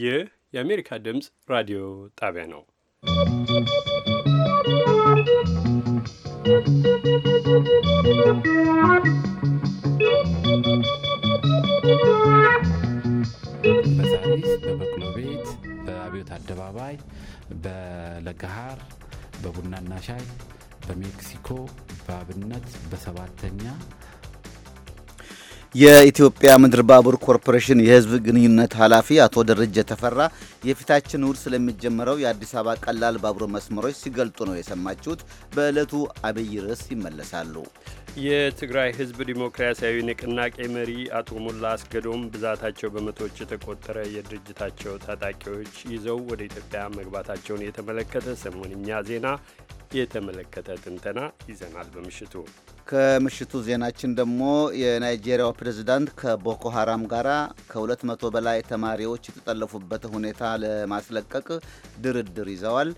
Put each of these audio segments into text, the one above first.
ይህ የአሜሪካ ድምፅ ራዲዮ ጣቢያ ነው። በሳሪስ፣ በበቅሎ ቤት፣ በአብዮት አደባባይ፣ በለገሃር፣ በቡናና ሻይ፣ በሜክሲኮ፣ በአብነት፣ በሰባተኛ የኢትዮጵያ ምድር ባቡር ኮርፖሬሽን የህዝብ ግንኙነት ኃላፊ አቶ ደረጀ ተፈራ የፊታችን እሁድ ስለሚጀመረው የአዲስ አበባ ቀላል ባቡር መስመሮች ሲገልጡ ነው የሰማችሁት። በዕለቱ አብይ ርዕስ ይመለሳሉ። የትግራይ ህዝብ ዲሞክራሲያዊ ንቅናቄ መሪ አቶ ሞላ አስገዶም ብዛታቸው በመቶዎች የተቆጠረ የድርጅታቸው ታጣቂዎች ይዘው ወደ ኢትዮጵያ መግባታቸውን የተመለከተ ሰሞንኛ ዜና የተመለከተ ትንተና ይዘናል። በምሽቱ ከምሽቱ ዜናችን ደግሞ የናይጄሪያው ፕሬዝዳንት ከቦኮ ሀራም ጋር ከ200 በላይ ተማሪዎች የተጠለፉበት ሁኔታ ለማስለቀቅ ድርድር ይዘዋል።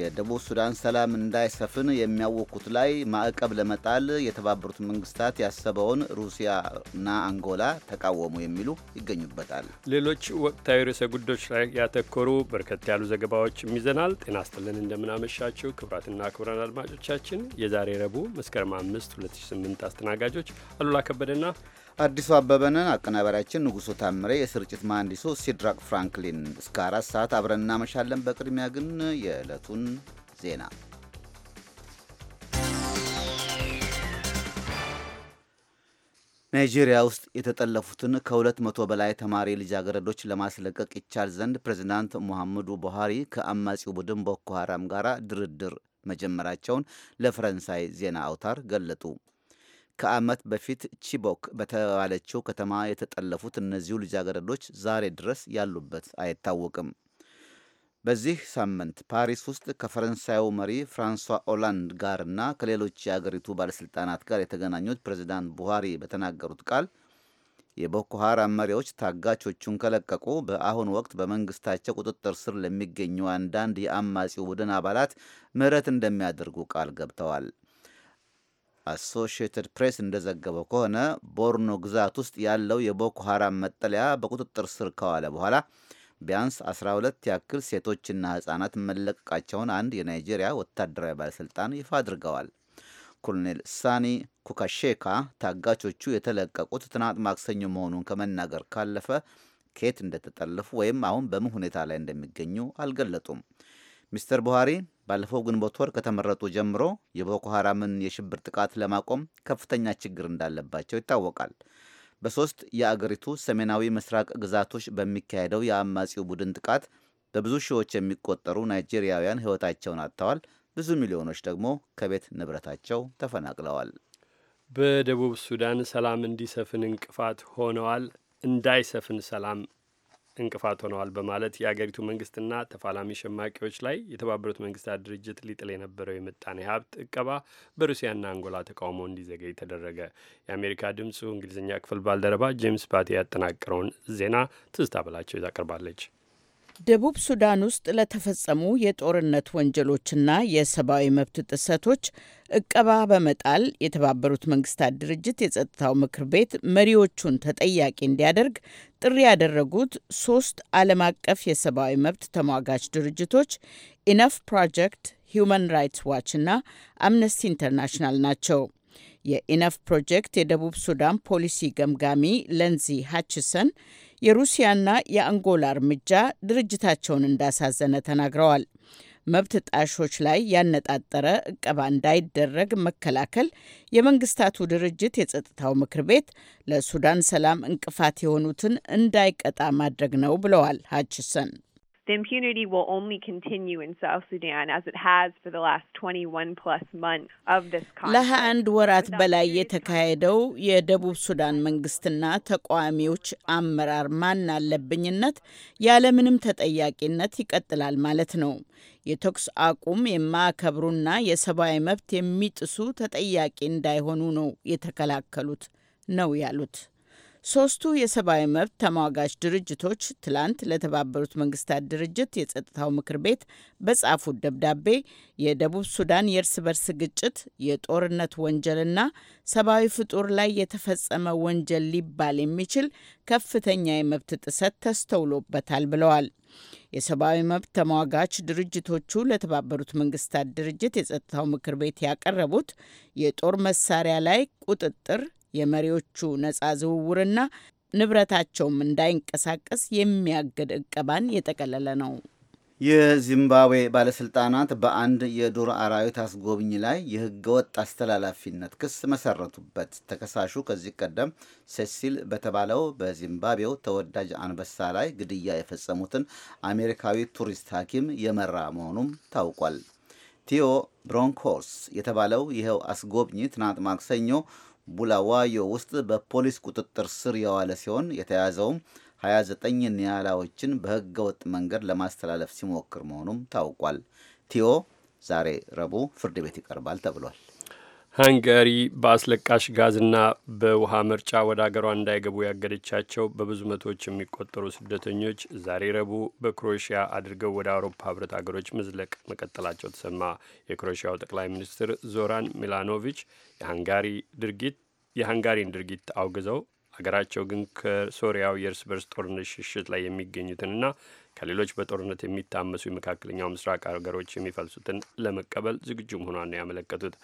የደቡብ ሱዳን ሰላም እንዳይሰፍን የሚያወቁት ላይ ማዕቀብ ለመጣል የተባበሩት መንግስታት ያሰበውን ሩሲያና አንጎላ ተቃወሙ የሚሉ ይገኙበታል። ሌሎች ወቅታዊ ርዕሰ ጉዳዮች ላይ ያተኮሩ በርከት ያሉ ዘገባዎች ይዘናል። ጤና ስጥልን፣ እንደምናመሻችው ክቡራትና ክቡራን አድማጮቻችን የዛሬ ረቡዕ መስከረም 5 2008 አስተናጋጆች አሉላ ከበደና አዲሱ አበበንን፣ አቀናባሪያችን ንጉሱ ታምሬ፣ የስርጭት መሐንዲሱ ሲድራቅ ፍራንክሊን። እስከ አራት ሰዓት አብረን እናመሻለን። በቅድሚያ ግን የዕለቱን ዜና ናይጄሪያ ውስጥ የተጠለፉትን ከሁለት መቶ በላይ ተማሪ ልጃገረዶች ለማስለቀቅ ይቻል ዘንድ ፕሬዚዳንት ሙሐመዱ ቡሃሪ ከአማጺው ቡድን ቦኮ ሃራም ጋር ድርድር መጀመራቸውን ለፈረንሳይ ዜና አውታር ገለጡ። ከዓመት በፊት ቺቦክ በተባለችው ከተማ የተጠለፉት እነዚሁ ልጃገረዶች ዛሬ ድረስ ያሉበት አይታወቅም። በዚህ ሳምንት ፓሪስ ውስጥ ከፈረንሳዩ መሪ ፍራንሷ ኦላንድ ጋርና ከሌሎች የአገሪቱ ባለሥልጣናት ጋር የተገናኙት ፕሬዚዳንት ቡሃሪ በተናገሩት ቃል የቦኮ መሪዎች ታጋቾቹን ከለቀቁ በአሁን ወቅት በመንግስታቸው ቁጥጥር ስር ለሚገኙ አንዳንድ የአማጺው ቡድን አባላት ምህረት እንደሚያደርጉ ቃል ገብተዋል። አሶሺየትድ ፕሬስ እንደዘገበው ከሆነ ቦርኖ ግዛት ውስጥ ያለው የቦኮ ሀራም መጠለያ በቁጥጥር ስር ከዋለ በኋላ ቢያንስ 12 ያክል ሴቶችና ሕጻናት መለቀቃቸውን አንድ የናይጄሪያ ወታደራዊ ባለሥልጣን ይፋ አድርገዋል። ኮሎኔል ሳኒ ኩካሼካ ታጋቾቹ የተለቀቁት ትናንት ማክሰኞ መሆኑን ከመናገር ካለፈ ኬት እንደተጠለፉ ወይም አሁን በምን ሁኔታ ላይ እንደሚገኙ አልገለጡም። ሚስተር ቡሃሪ ባለፈው ግንቦት ወር ከተመረጡ ጀምሮ የቦኮ ሐራምን የሽብር ጥቃት ለማቆም ከፍተኛ ችግር እንዳለባቸው ይታወቃል። በሶስት የአገሪቱ ሰሜናዊ ምስራቅ ግዛቶች በሚካሄደው የአማጺው ቡድን ጥቃት በብዙ ሺዎች የሚቆጠሩ ናይጄሪያውያን ሕይወታቸውን አጥተዋል። ብዙ ሚሊዮኖች ደግሞ ከቤት ንብረታቸው ተፈናቅለዋል። በደቡብ ሱዳን ሰላም እንዲሰፍን እንቅፋት ሆነዋል። እንዳይሰፍን ሰላም እንቅፋት ሆነዋል በማለት የአገሪቱ መንግስትና ተፋላሚ ሸማቂዎች ላይ የተባበሩት መንግስታት ድርጅት ሊጥል የነበረው የምጣኔ ሀብት እቀባ በሩሲያና አንጎላ ተቃውሞ እንዲዘገይ ተደረገ። የአሜሪካ ድምፁ እንግሊዝኛ ክፍል ባልደረባ ጄምስ ባቴ ያጠናቀረውን ዜና ትዝታ በላቸው ይዛ ቀርባለች። ደቡብ ሱዳን ውስጥ ለተፈጸሙ የጦርነት ወንጀሎችና የሰብአዊ መብት ጥሰቶች እቀባ በመጣል የተባበሩት መንግስታት ድርጅት የጸጥታው ምክር ቤት መሪዎቹን ተጠያቂ እንዲያደርግ ጥሪ ያደረጉት ሶስት ዓለም አቀፍ የሰብአዊ መብት ተሟጋች ድርጅቶች ኢነፍ ፕሮጀክት፣ ሂውማን ራይትስ ዋች እና አምነስቲ ኢንተርናሽናል ናቸው። የኢነፍ ፕሮጀክት የደቡብ ሱዳን ፖሊሲ ገምጋሚ ለንዚ ሃችሰን የሩሲያና የአንጎላ እርምጃ ድርጅታቸውን እንዳሳዘነ ተናግረዋል። መብት ጣሾች ላይ ያነጣጠረ እቀባ እንዳይደረግ መከላከል የመንግስታቱ ድርጅት የጸጥታው ምክር ቤት ለሱዳን ሰላም እንቅፋት የሆኑትን እንዳይቀጣ ማድረግ ነው ብለዋል ሀችሰን። The impunity will only continue in South Sudan as it has for the last 21 plus months of this conflict. ለአንድ ወራት በላይ የተካሄደው የደቡብ ሱዳን መንግስትና ተቃዋሚዎች አመራር ማን አለብኝነት ያለምንም ተጠያቂነት ይቀጥላል ማለት ነው። የተኩስ አቁም የማያከብሩና የሰብአዊ መብት የሚጥሱ ተጠያቂ እንዳይሆኑ ነው የተከላከሉት ነው ያሉት። ሶስቱ የሰብአዊ መብት ተሟጋች ድርጅቶች ትላንት ለተባበሩት መንግስታት ድርጅት የጸጥታው ምክር ቤት በጻፉት ደብዳቤ የደቡብ ሱዳን የእርስ በርስ ግጭት የጦርነት ወንጀልና ሰብአዊ ፍጡር ላይ የተፈጸመ ወንጀል ሊባል የሚችል ከፍተኛ የመብት ጥሰት ተስተውሎበታል ብለዋል። የሰብአዊ መብት ተሟጋች ድርጅቶቹ ለተባበሩት መንግስታት ድርጅት የጸጥታው ምክር ቤት ያቀረቡት የጦር መሳሪያ ላይ ቁጥጥር የመሪዎቹ ነጻ ዝውውርና ንብረታቸውም እንዳይንቀሳቀስ የሚያግድ እቀባን የጠቀለለ ነው። የዚምባብዌ ባለስልጣናት በአንድ የዱር አራዊት አስጎብኝ ላይ የህገወጥ አስተላላፊነት ክስ መሰረቱበት። ተከሳሹ ከዚህ ቀደም ሴሲል በተባለው በዚምባብዌው ተወዳጅ አንበሳ ላይ ግድያ የፈጸሙትን አሜሪካዊ ቱሪስት ሐኪም የመራ መሆኑም ታውቋል። ቲዮ ብሮንኮስ የተባለው ይኸው አስጎብኝ ትናንት ማክሰኞ ቡላዋዮ ውስጥ በፖሊስ ቁጥጥር ስር የዋለ ሲሆን የተያዘውም 29 ኒያላዎችን በህገ ወጥ መንገድ ለማስተላለፍ ሲሞክር መሆኑም ታውቋል። ቲዮ ዛሬ ረቡዕ ፍርድ ቤት ይቀርባል ተብሏል። ሃንጋሪ በአስለቃሽ ጋዝና በውሃ ምርጫ ወደ አገሯ እንዳይገቡ ያገደቻቸው በብዙ መቶዎች የሚቆጠሩ ስደተኞች ዛሬ ረቡዕ በክሮኤሽያ አድርገው ወደ አውሮፓ ህብረት አገሮች መዝለቅ መቀጠላቸው ተሰማ። የክሮኤሽያው ጠቅላይ ሚኒስትር ዞራን ሚላኖቪች የሃንጋሪ ድርጊት የሃንጋሪን ድርጊት አውግዘው አገራቸው ግን ከሶሪያው የእርስ በርስ ጦርነት ሽሽት ላይ የሚገኙትንና ከሌሎች በጦርነት የሚታመሱ የመካከለኛው ምስራቅ ሀገሮች የሚፈልሱትን ለመቀበል ዝግጁ መሆኗን ነው ያመለከቱት።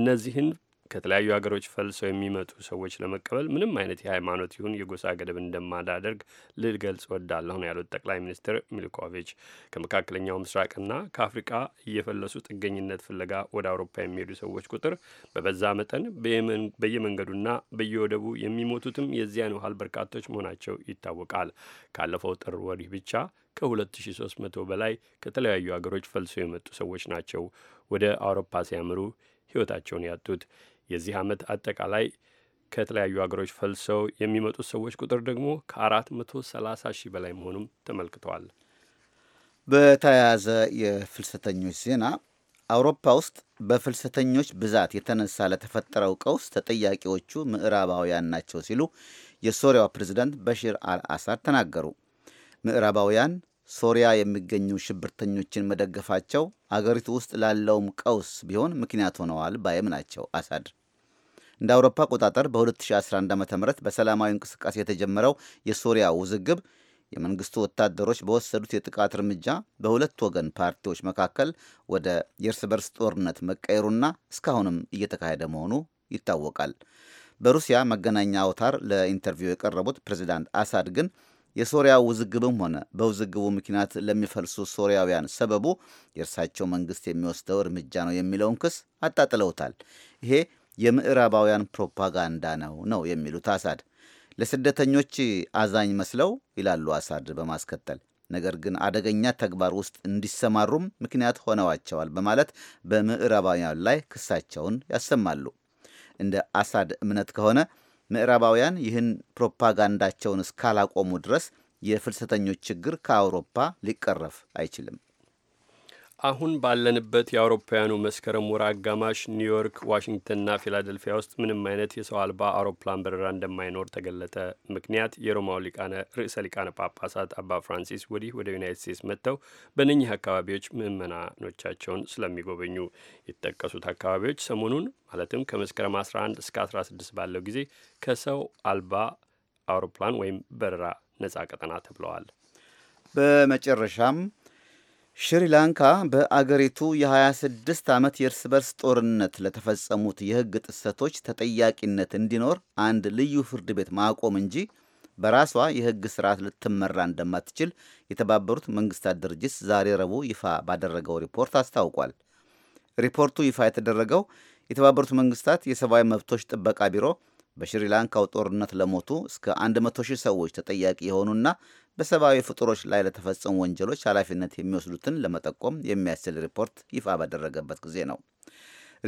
እነዚህን ከተለያዩ ሀገሮች ፈልሰው የሚመጡ ሰዎች ለመቀበል ምንም አይነት የሃይማኖት ይሁን የጎሳ ገደብ እንደማዳደርግ ልገልጽ ወዳለሁ ነው ያሉት ጠቅላይ ሚኒስትር ሚልኮቪች። ከመካከለኛው ምስራቅና ከአፍሪቃ እየፈለሱ ጥገኝነት ፍለጋ ወደ አውሮፓ የሚሄዱ ሰዎች ቁጥር በበዛ መጠን በየመንገዱና በየወደቡ የሚሞቱትም የዚያን ያህል በርካቶች መሆናቸው ይታወቃል። ካለፈው ጥር ወዲህ ብቻ ከ2300 በላይ ከተለያዩ አገሮች ፈልሰው የመጡ ሰዎች ናቸው ወደ አውሮፓ ሲያምሩ ሕይወታቸውን ያጡት። የዚህ ዓመት አጠቃላይ ከተለያዩ አገሮች ፈልሰው የሚመጡት ሰዎች ቁጥር ደግሞ ከ430 ሺህ በላይ መሆኑም ተመልክተዋል። በተያያዘ የፍልሰተኞች ዜና አውሮፓ ውስጥ በፍልሰተኞች ብዛት የተነሳ ለተፈጠረው ቀውስ ተጠያቂዎቹ ምዕራባውያን ናቸው ሲሉ የሶሪያው ፕሬዝዳንት በሽር አልአሳድ ተናገሩ። ምዕራባውያን ሶሪያ የሚገኙ ሽብርተኞችን መደገፋቸው አገሪቱ ውስጥ ላለውም ቀውስ ቢሆን ምክንያት ሆነዋል ባይም ናቸው። አሳድ እንደ አውሮፓ አቆጣጠር በ2011 ዓ ም በሰላማዊ እንቅስቃሴ የተጀመረው የሶሪያ ውዝግብ የመንግስቱ ወታደሮች በወሰዱት የጥቃት እርምጃ በሁለት ወገን ፓርቲዎች መካከል ወደ የእርስ በርስ ጦርነት መቀየሩና እስካሁንም እየተካሄደ መሆኑ ይታወቃል። በሩሲያ መገናኛ አውታር ለኢንተርቪው የቀረቡት ፕሬዚዳንት አሳድ ግን የሶሪያ ውዝግብም ሆነ በውዝግቡ ምክንያት ለሚፈልሱ ሶሪያውያን ሰበቡ የእርሳቸው መንግስት የሚወስደው እርምጃ ነው የሚለውን ክስ አጣጥለውታል። ይሄ የምዕራባውያን ፕሮፓጋንዳ ነው ነው የሚሉት አሳድ ለስደተኞች አዛኝ መስለው ይላሉ አሳድ በማስከተል ነገር ግን አደገኛ ተግባር ውስጥ እንዲሰማሩም ምክንያት ሆነዋቸዋል በማለት በምዕራባውያን ላይ ክሳቸውን ያሰማሉ። እንደ አሳድ እምነት ከሆነ ምዕራባውያን ይህን ፕሮፓጋንዳቸውን እስካላቆሙ ድረስ የፍልሰተኞች ችግር ከአውሮፓ ሊቀረፍ አይችልም። አሁን ባለንበት የአውሮፓውያኑ መስከረም ወር አጋማሽ ኒውዮርክ፣ ዋሽንግተንና ፊላደልፊያ ውስጥ ምንም አይነት የሰው አልባ አውሮፕላን በረራ እንደማይኖር ተገለጠ። ምክንያት የሮማው ሊቃነ ርዕሰ ሊቃነ ጳጳሳት አባ ፍራንሲስ ወዲህ ወደ ዩናይት ስቴትስ መጥተው በእነኚህ አካባቢዎች ምዕመናኖቻቸውን ስለሚጎበኙ የተጠቀሱት አካባቢዎች ሰሞኑን ማለትም ከመስከረም 11 እስከ 16 ባለው ጊዜ ከሰው አልባ አውሮፕላን ወይም በረራ ነጻ ቀጠና ተብለዋል። በመጨረሻም ሽሪላንካ በአገሪቱ የ26 ዓመት የእርስ በርስ ጦርነት ለተፈጸሙት የሕግ ጥሰቶች ተጠያቂነት እንዲኖር አንድ ልዩ ፍርድ ቤት ማቆም እንጂ በራሷ የሕግ ስርዓት ልትመራ እንደማትችል የተባበሩት መንግስታት ድርጅት ዛሬ ረቡዕ ይፋ ባደረገው ሪፖርት አስታውቋል። ሪፖርቱ ይፋ የተደረገው የተባበሩት መንግስታት የሰብአዊ መብቶች ጥበቃ ቢሮ በሽሪላንካው ጦርነት ለሞቱ እስከ 100 ሺህ ሰዎች ተጠያቂ የሆኑና በሰብአዊ ፍጡሮች ላይ ለተፈጸሙ ወንጀሎች ኃላፊነት የሚወስዱትን ለመጠቆም የሚያስችል ሪፖርት ይፋ ባደረገበት ጊዜ ነው።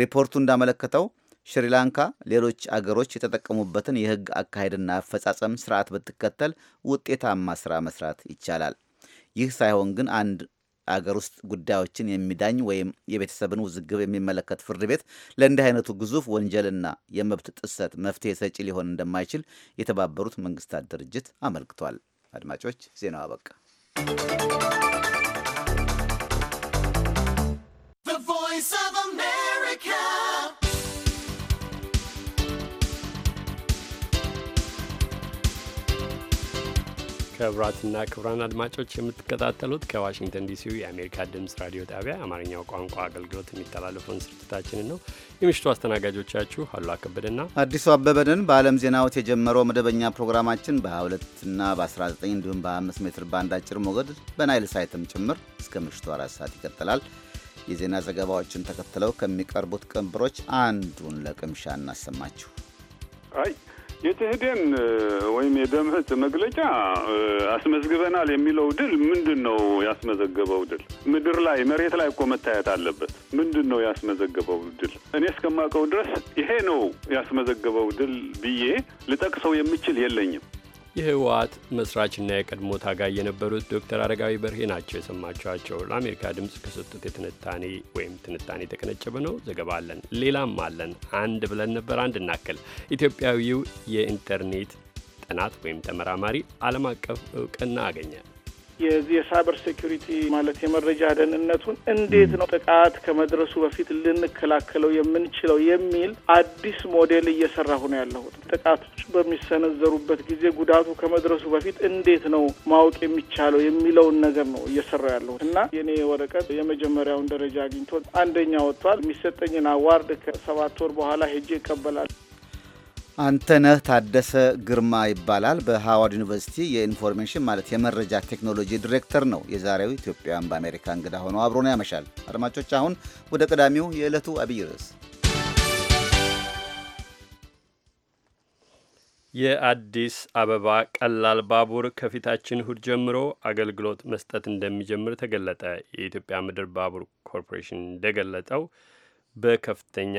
ሪፖርቱ እንዳመለከተው ሽሪላንካ ሌሎች አገሮች የተጠቀሙበትን የህግ አካሄድና አፈጻጸም ስርዓት ብትከተል ውጤታማ ስራ መስራት ይቻላል። ይህ ሳይሆን ግን አንድ አገር ውስጥ ጉዳዮችን የሚዳኝ ወይም የቤተሰብን ውዝግብ የሚመለከት ፍርድ ቤት ለእንዲህ አይነቱ ግዙፍ ወንጀልና የመብት ጥሰት መፍትሄ ሰጪ ሊሆን እንደማይችል የተባበሩት መንግስታት ድርጅት አመልክቷል። አድማጮች ዜናው አበቃ። ክቡራትና ክቡራን አድማጮች የምትከታተሉት ከዋሽንግተን ዲሲው የአሜሪካ ድምፅ ራዲዮ ጣቢያ አማርኛው ቋንቋ አገልግሎት የሚተላለፈውን ስርጭታችንን ነው። የምሽቱ አስተናጋጆቻችሁ አሉ ከበደና አዲሱ አበበንን በዓለም ዜናዎት የጀመረው መደበኛ ፕሮግራማችን በ22ና በ19 እንዲሁም በ 5 ሜትር ባንድ አጭር ሞገድ በናይል ሳይትም ጭምር እስከ ምሽቱ አራት ሰዓት ይቀጥላል። የዜና ዘገባዎችን ተከትለው ከሚቀርቡት ቅንብሮች አንዱን ለቅምሻ እናሰማችሁ። አይ የትህደን ወይም የደምህት መግለጫ አስመዝግበናል የሚለው ድል ምንድን ነው ያስመዘገበው ድል? ምድር ላይ መሬት ላይ እኮ መታየት አለበት። ምንድን ነው ያስመዘገበው ድል? እኔ እስከማውቀው ድረስ ይሄ ነው ያስመዘገበው ድል ብዬ ልጠቅሰው የምችል የለኝም። የህወሓት መስራችና የቀድሞ ታጋይ የነበሩት ዶክተር አረጋዊ በርሄ ናቸው የሰማችኋቸው። ለአሜሪካ ድምፅ ከሰጡት የትንታኔ ወይም ትንታኔ የተቀነጨበ ነው። ዘገባ አለን፣ ሌላም አለን። አንድ ብለን ነበር፣ አንድ እናክል። ኢትዮጵያዊው የኢንተርኔት ጥናት ወይም ተመራማሪ ዓለም አቀፍ እውቅና አገኘ። የዚህ የሳይበር ሴኩሪቲ ማለት የመረጃ ደህንነቱን እንዴት ነው ጥቃት ከመድረሱ በፊት ልንከላከለው የምንችለው የሚል አዲስ ሞዴል እየሰራሁ ነው ያለሁት። ጥቃቶች በሚሰነዘሩበት ጊዜ ጉዳቱ ከመድረሱ በፊት እንዴት ነው ማወቅ የሚቻለው የሚለውን ነገር ነው እየሰራ ያለሁት እና የኔ ወረቀት የመጀመሪያውን ደረጃ አግኝቶ አንደኛ ወጥቷል። የሚሰጠኝን አዋርድ ከሰባት ወር በኋላ ሄጄ ይቀበላል። አንተነህ ታደሰ ግርማ ይባላል። በሃዋርድ ዩኒቨርሲቲ የኢንፎርሜሽን ማለት የመረጃ ቴክኖሎጂ ዲሬክተር ነው። የዛሬው ኢትዮጵያውያን በአሜሪካ እንግዳ ሆኖ አብሮን ያመሻል። አድማጮች፣ አሁን ወደ ቀዳሚው የዕለቱ አብይ ርዕስ የአዲስ አበባ ቀላል ባቡር ከፊታችን እሁድ ጀምሮ አገልግሎት መስጠት እንደሚጀምር ተገለጠ። የኢትዮጵያ ምድር ባቡር ኮርፖሬሽን እንደገለጠው በከፍተኛ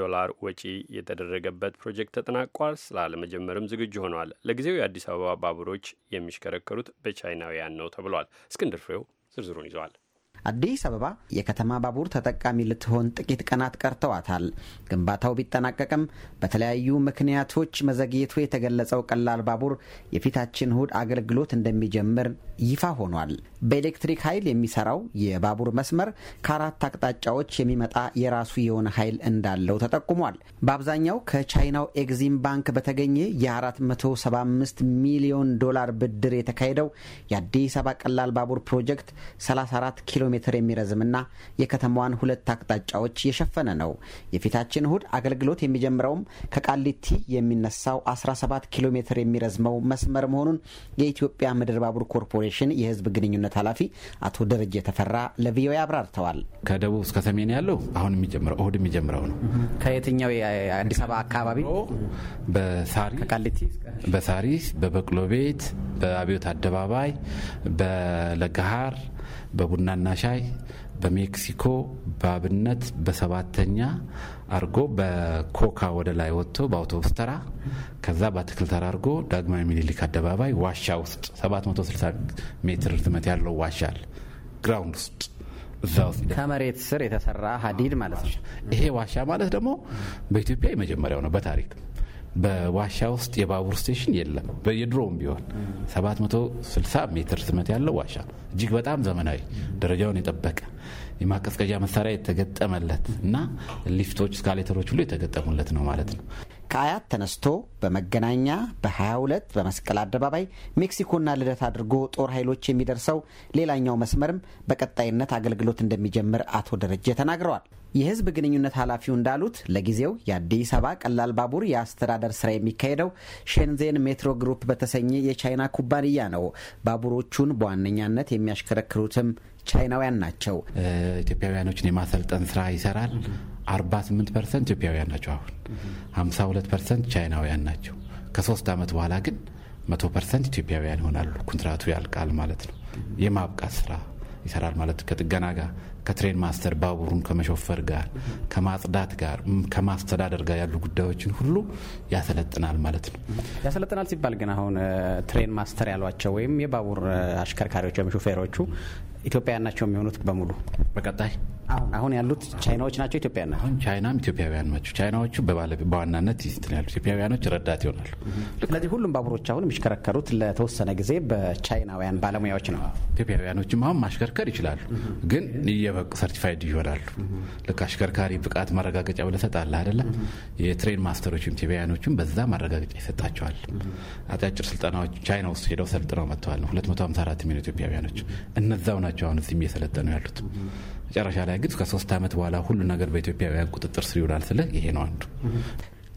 ዶላር ወጪ የተደረገበት ፕሮጀክት ተጠናቋል። ስላለመጀመርም ዝግጁ ሆኗል። ለጊዜው የአዲስ አበባ ባቡሮች የሚሽከረከሩት በቻይናውያን ነው ተብሏል። እስክንድር ፍሬው ዝርዝሩን ይዘዋል። አዲስ አበባ የከተማ ባቡር ተጠቃሚ ልትሆን ጥቂት ቀናት ቀርተዋታል። ግንባታው ቢጠናቀቅም በተለያዩ ምክንያቶች መዘግየቱ የተገለጸው ቀላል ባቡር የፊታችን እሁድ አገልግሎት እንደሚጀምር ይፋ ሆኗል። በኤሌክትሪክ ኃይል የሚሰራው የባቡር መስመር ከአራት አቅጣጫዎች የሚመጣ የራሱ የሆነ ኃይል እንዳለው ተጠቁሟል። በአብዛኛው ከቻይናው ኤግዚም ባንክ በተገኘ የ475 ሚሊዮን ዶላር ብድር የተካሄደው የአዲስ አበባ ቀላል ባቡር ፕሮጀክት 34 ኪሎ ሜትር የሚረዝምና የከተማዋን ሁለት አቅጣጫዎች የሸፈነ ነው። የፊታችን እሁድ አገልግሎት የሚጀምረውም ከቃሊቲ የሚነሳው 17 ኪሎ ሜትር የሚረዝመው መስመር መሆኑን የኢትዮጵያ ምድር ባቡር ኮርፖሬሽን የህዝብ ግንኙነት ኃላፊ አቶ ደረጀ ተፈራ ለቪኦኤ አብራርተዋል። ከደቡብ እስከ ሰሜን ያለው አሁን የሚጀምረው እሁድ የሚጀምረው ነው። ከየትኛው የአዲስ አበባ አካባቢ በሳሪስ፣ በበቅሎ ቤት፣ በአብዮት አደባባይ፣ በለገሃር በቡናና ሻይ በሜክሲኮ በአብነት በሰባተኛ አርጎ በኮካ ወደ ላይ ወጥቶ በአውቶቡስ ተራ ከዛ በአትክልት ተራ አርጎ ዳግማዊ ሚኒሊክ አደባባይ ዋሻ ውስጥ 760 ሜትር ርዝመት ያለው ዋሻ አለ። ግራውንድ ውስጥ ከመሬት ስር የተሰራ ሀዲድ ማለት ነው። ይሄ ዋሻ ማለት ደግሞ በኢትዮጵያ የመጀመሪያው ነው በታሪክ በዋሻ ውስጥ የባቡር ስቴሽን የለም። የድሮውም ቢሆን 760 ሜትር ስመት ያለው ዋሻ እጅግ በጣም ዘመናዊ ደረጃውን የጠበቀ የማቀዝቀዣ መሳሪያ የተገጠመለት እና ሊፍቶች፣ ስካሌተሮች ሁሉ የተገጠሙለት ነው ማለት ነው። ከአያት ተነስቶ በመገናኛ በ22 በመስቀል አደባባይ ሜክሲኮና ልደት አድርጎ ጦር ኃይሎች የሚደርሰው ሌላኛው መስመርም በቀጣይነት አገልግሎት እንደሚጀምር አቶ ደረጀ ተናግረዋል። የህዝብ ግንኙነት ኃላፊው እንዳሉት ለጊዜው የአዲስ አበባ ቀላል ባቡር የአስተዳደር ስራ የሚካሄደው ሼንዜን ሜትሮ ግሩፕ በተሰኘ የቻይና ኩባንያ ነው። ባቡሮቹን በዋነኛነት የሚያሽከረክሩትም ቻይናውያን ናቸው። ኢትዮጵያውያኖችን የማሰልጠን ስራ ይሰራል። 48 ፐርሰንት ኢትዮጵያውያን ናቸው። አሁን 52 ፐርሰንት ቻይናውያን ናቸው። ከሶስት ዓመት በኋላ ግን መቶ ፐርሰንት ኢትዮጵያውያን ይሆናሉ። ኮንትራቱ ያልቃል ማለት ነው። የማብቃት ስራ ይሰራል ማለት ከጥገና ጋር ከትሬን ማስተር ባቡሩን ከመሾፈር ጋር፣ ከማጽዳት ጋር፣ ከማስተዳደር ጋር ያሉ ጉዳዮችን ሁሉ ያሰለጥናል ማለት ነው። ያሰለጥናል ሲባል ግን አሁን ትሬን ማስተር ያሏቸው ወይም የባቡር አሽከርካሪዎች ወይም ሾፌሮቹ ኢትዮጵያ ናቸው የሚሆኑት በሙሉ በቀጣይ አሁን ያሉት ቻይናዎች ናቸው ኢትዮጵያውያን ናቸው። ቻይናም ኢትዮጵያውያን ናቸው። ቻይናዎቹ በዋናነት ያሉ ኢትዮጵያውያኖች ረዳት ይሆናሉ። ስለዚህ ሁሉም ባቡሮች አሁን የሚሽከረከሩት ለተወሰነ ጊዜ በቻይናውያን ባለሙያዎች ነው። ኢትዮጵያውያኖችም አሁን ማሽከርከር ይችላሉ ግን በቅ ሰርቲፋይድ ይሆናሉ። ልክ አሽከርካሪ ብቃት ማረጋገጫ ብለህ ትሰጣለህ አይደለ? የትሬን ማስተሮችም ቲቢያኖችም በዛ ማረጋገጫ ይሰጣቸዋል። አጫጭር ስልጠናዎች ቻይና ውስጥ ሄደው ሰልጥነው መጥተዋል ነው 254 ሚሊዮን ኢትዮጵያውያኖች እነዛው ናቸው አሁን እዚህም እየሰለጠኑ ያሉት። መጨረሻ ላይ ግን ከሶስት ዓመት በኋላ ሁሉ ነገር በኢትዮጵያውያን ቁጥጥር ስር ይውላል ስለ ይሄ ነው አንዱ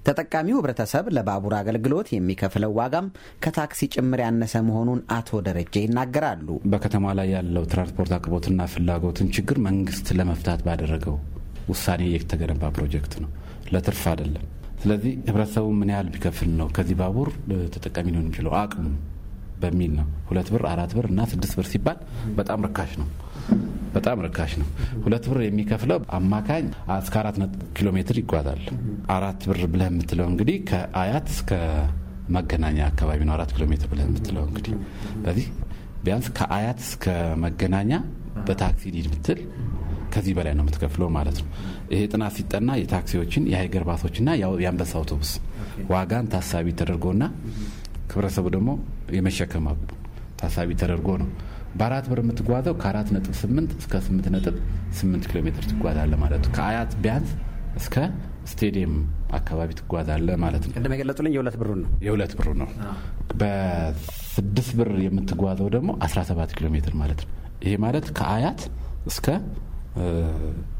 ተጠቃሚው ህብረተሰብ ለባቡር አገልግሎት የሚከፍለው ዋጋም ከታክሲ ጭምር ያነሰ መሆኑን አቶ ደረጀ ይናገራሉ። በከተማ ላይ ያለው ትራንስፖርት አቅርቦትና ፍላጎትን ችግር መንግስት ለመፍታት ባደረገው ውሳኔ የተገነባ ፕሮጀክት ነው፣ ለትርፍ አይደለም። ስለዚህ ህብረተሰቡ ምን ያህል ቢከፍል ነው ከዚህ ባቡር ተጠቃሚ ሊሆን የሚችለው አቅሙ በሚል ነው። ሁለት ብር፣ አራት ብር እና ስድስት ብር ሲባል በጣም ርካሽ ነው። በጣም ርካሽ ነው። ሁለት ብር የሚከፍለው አማካኝ እስከ አራት ኪሎ ሜትር ይጓዛል። አራት ብር ብለህ የምትለው እንግዲህ ከአያት እስከ መገናኛ አካባቢ ነው። አራት ኪሎ ሜትር ብለህ የምትለው እንግዲህ ስለዚህ ቢያንስ ከአያት እስከ መገናኛ በታክሲ ሊድ ምትል ከዚህ በላይ ነው የምትከፍለው ማለት ነው። ይሄ ጥናት ሲጠና የታክሲዎችን የሀይገር ባሶችና የአንበሳ አውቶቡስ ዋጋን ታሳቢ ተደርጎና ህብረተሰቡ ደግሞ የመሸከም ታሳቢ ተደርጎ ነው በአራት ብር የምትጓዘው ከአራት ነጥብ ስምንት እስከ ስምንት ነጥብ ስምንት ኪሎ ሜትር ትጓዛለ ማለት ነው። ከአያት ቢያንስ እስከ ስቴዲየም አካባቢ ትጓዛለ ማለት ነው። ቅድም የገለጹልኝ የሁለት ብሩ ነው የሁለት ብሩ ነው። በስድስት ብር የምትጓዘው ደግሞ 17 ኪሎ ሜትር ማለት ነው። ይሄ ማለት ከአያት እስከ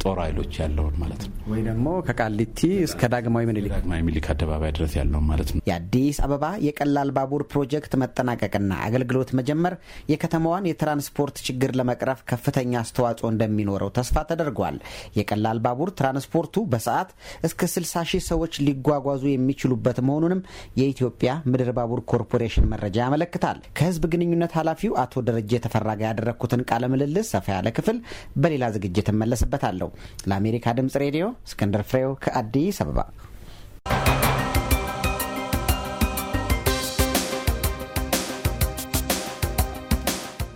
ጦር ኃይሎች ያለውን ማለት ነው ወይ ደግሞ ከቃሊቲ እስከ ዳግማዊ ምኒልክ ዳግማዊ ምኒልክ አደባባይ ድረስ ያለውን ማለት ነው። የአዲስ አበባ የቀላል ባቡር ፕሮጀክት መጠናቀቅና አገልግሎት መጀመር የከተማዋን የትራንስፖርት ችግር ለመቅረፍ ከፍተኛ አስተዋጽኦ እንደሚኖረው ተስፋ ተደርጓል። የቀላል ባቡር ትራንስፖርቱ በሰዓት እስከ 60 ሺህ ሰዎች ሊጓጓዙ የሚችሉበት መሆኑንም የኢትዮጵያ ምድር ባቡር ኮርፖሬሽን መረጃ ያመለክታል። ከህዝብ ግንኙነት ኃላፊው አቶ ደረጀ ተፈራጋ ያደረግኩትን ቃለ ምልልስ ሰፋ ያለ ክፍል በሌላ ዝግጅት መጽሔት እመለስበታለሁ። ለአሜሪካ ድምፅ ሬዲዮ እስክንድር ፍሬው ከአዲስ አበባ።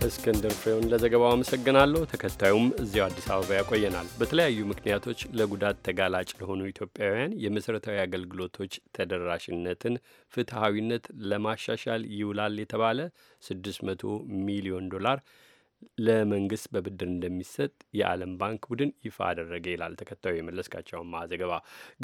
እስክንድር ፍሬውን ለዘገባው አመሰግናለሁ። ተከታዩም እዚያው አዲስ አበባ ያቆየናል። በተለያዩ ምክንያቶች ለጉዳት ተጋላጭ ለሆኑ ኢትዮጵያውያን የመሠረታዊ አገልግሎቶች ተደራሽነትን ፍትሐዊነት ለማሻሻል ይውላል የተባለ 600 ሚሊዮን ዶላር ለመንግስት በብድር እንደሚሰጥ የዓለም ባንክ ቡድን ይፋ አደረገ ይላል ተከታዩ የመለስካቸውን ዘገባ።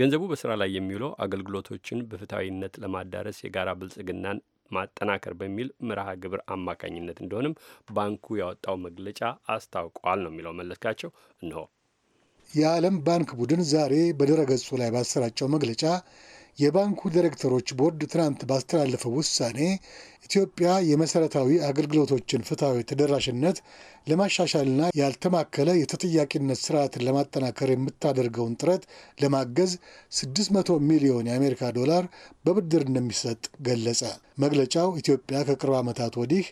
ገንዘቡ በስራ ላይ የሚውለው አገልግሎቶችን በፍትሐዊነት ለማዳረስ የጋራ ብልጽግናን ማጠናከር በሚል መርሃ ግብር አማካኝነት እንደሆንም ባንኩ ያወጣው መግለጫ አስታውቋል ነው የሚለው መለስካቸው። እንሆ የዓለም ባንክ ቡድን ዛሬ በድረ ገጹ ላይ ባሰራጨው መግለጫ የባንኩ ዲሬክተሮች ቦርድ ትናንት ባስተላለፈው ውሳኔ ኢትዮጵያ የመሰረታዊ አገልግሎቶችን ፍትሐዊ ተደራሽነት ለማሻሻልና ያልተማከለ የተጠያቂነት ስርዓትን ለማጠናከር የምታደርገውን ጥረት ለማገዝ 600 ሚሊዮን የአሜሪካ ዶላር በብድር እንደሚሰጥ ገለጸ። መግለጫው ኢትዮጵያ ከቅርብ ዓመታት ወዲህ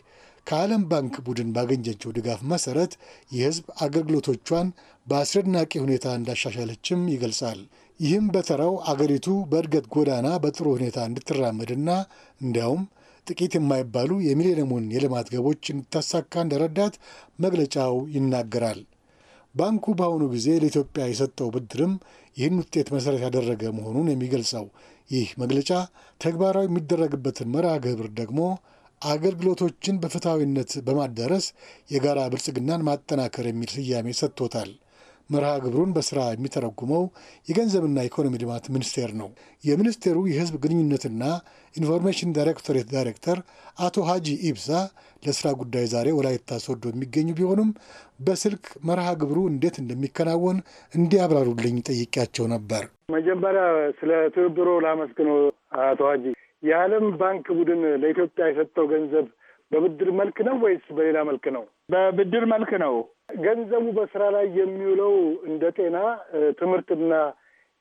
ከዓለም ባንክ ቡድን ባገኘችው ድጋፍ መሰረት የሕዝብ አገልግሎቶቿን በአስደናቂ ሁኔታ እንዳሻሻለችም ይገልጻል። ይህም በተራው አገሪቱ በእድገት ጎዳና በጥሩ ሁኔታ እንድትራመድና እንዲያውም ጥቂት የማይባሉ የሚሌኒየሙን የልማት ገቦች እንድታሳካ እንደረዳት መግለጫው ይናገራል። ባንኩ በአሁኑ ጊዜ ለኢትዮጵያ የሰጠው ብድርም ይህን ውጤት መሠረት ያደረገ መሆኑን የሚገልጸው ይህ መግለጫ ተግባራዊ የሚደረግበትን መርሃ ግብር ደግሞ አገልግሎቶችን በፍትሐዊነት በማዳረስ የጋራ ብልጽግናን ማጠናከር የሚል ስያሜ ሰጥቶታል። መርሃ ግብሩን በስራ የሚተረጉመው የገንዘብና ኢኮኖሚ ልማት ሚኒስቴር ነው። የሚኒስቴሩ የህዝብ ግንኙነትና ኢንፎርሜሽን ዳይሬክቶሬት ዳይሬክተር አቶ ሀጂ ኢብሳ ለስራ ጉዳይ ዛሬ ወላይታ ሶዶ የሚገኙ ቢሆኑም በስልክ መርሃ ግብሩ እንዴት እንደሚከናወን እንዲያብራሩልኝ ጠይቄያቸው ነበር። መጀመሪያ ስለ ትብብሮ ላመስግኖ አቶ ሀጂ የዓለም ባንክ ቡድን ለኢትዮጵያ የሰጠው ገንዘብ በብድር መልክ ነው ወይስ በሌላ መልክ ነው? በብድር መልክ ነው። ገንዘቡ በስራ ላይ የሚውለው እንደ ጤና፣ ትምህርትና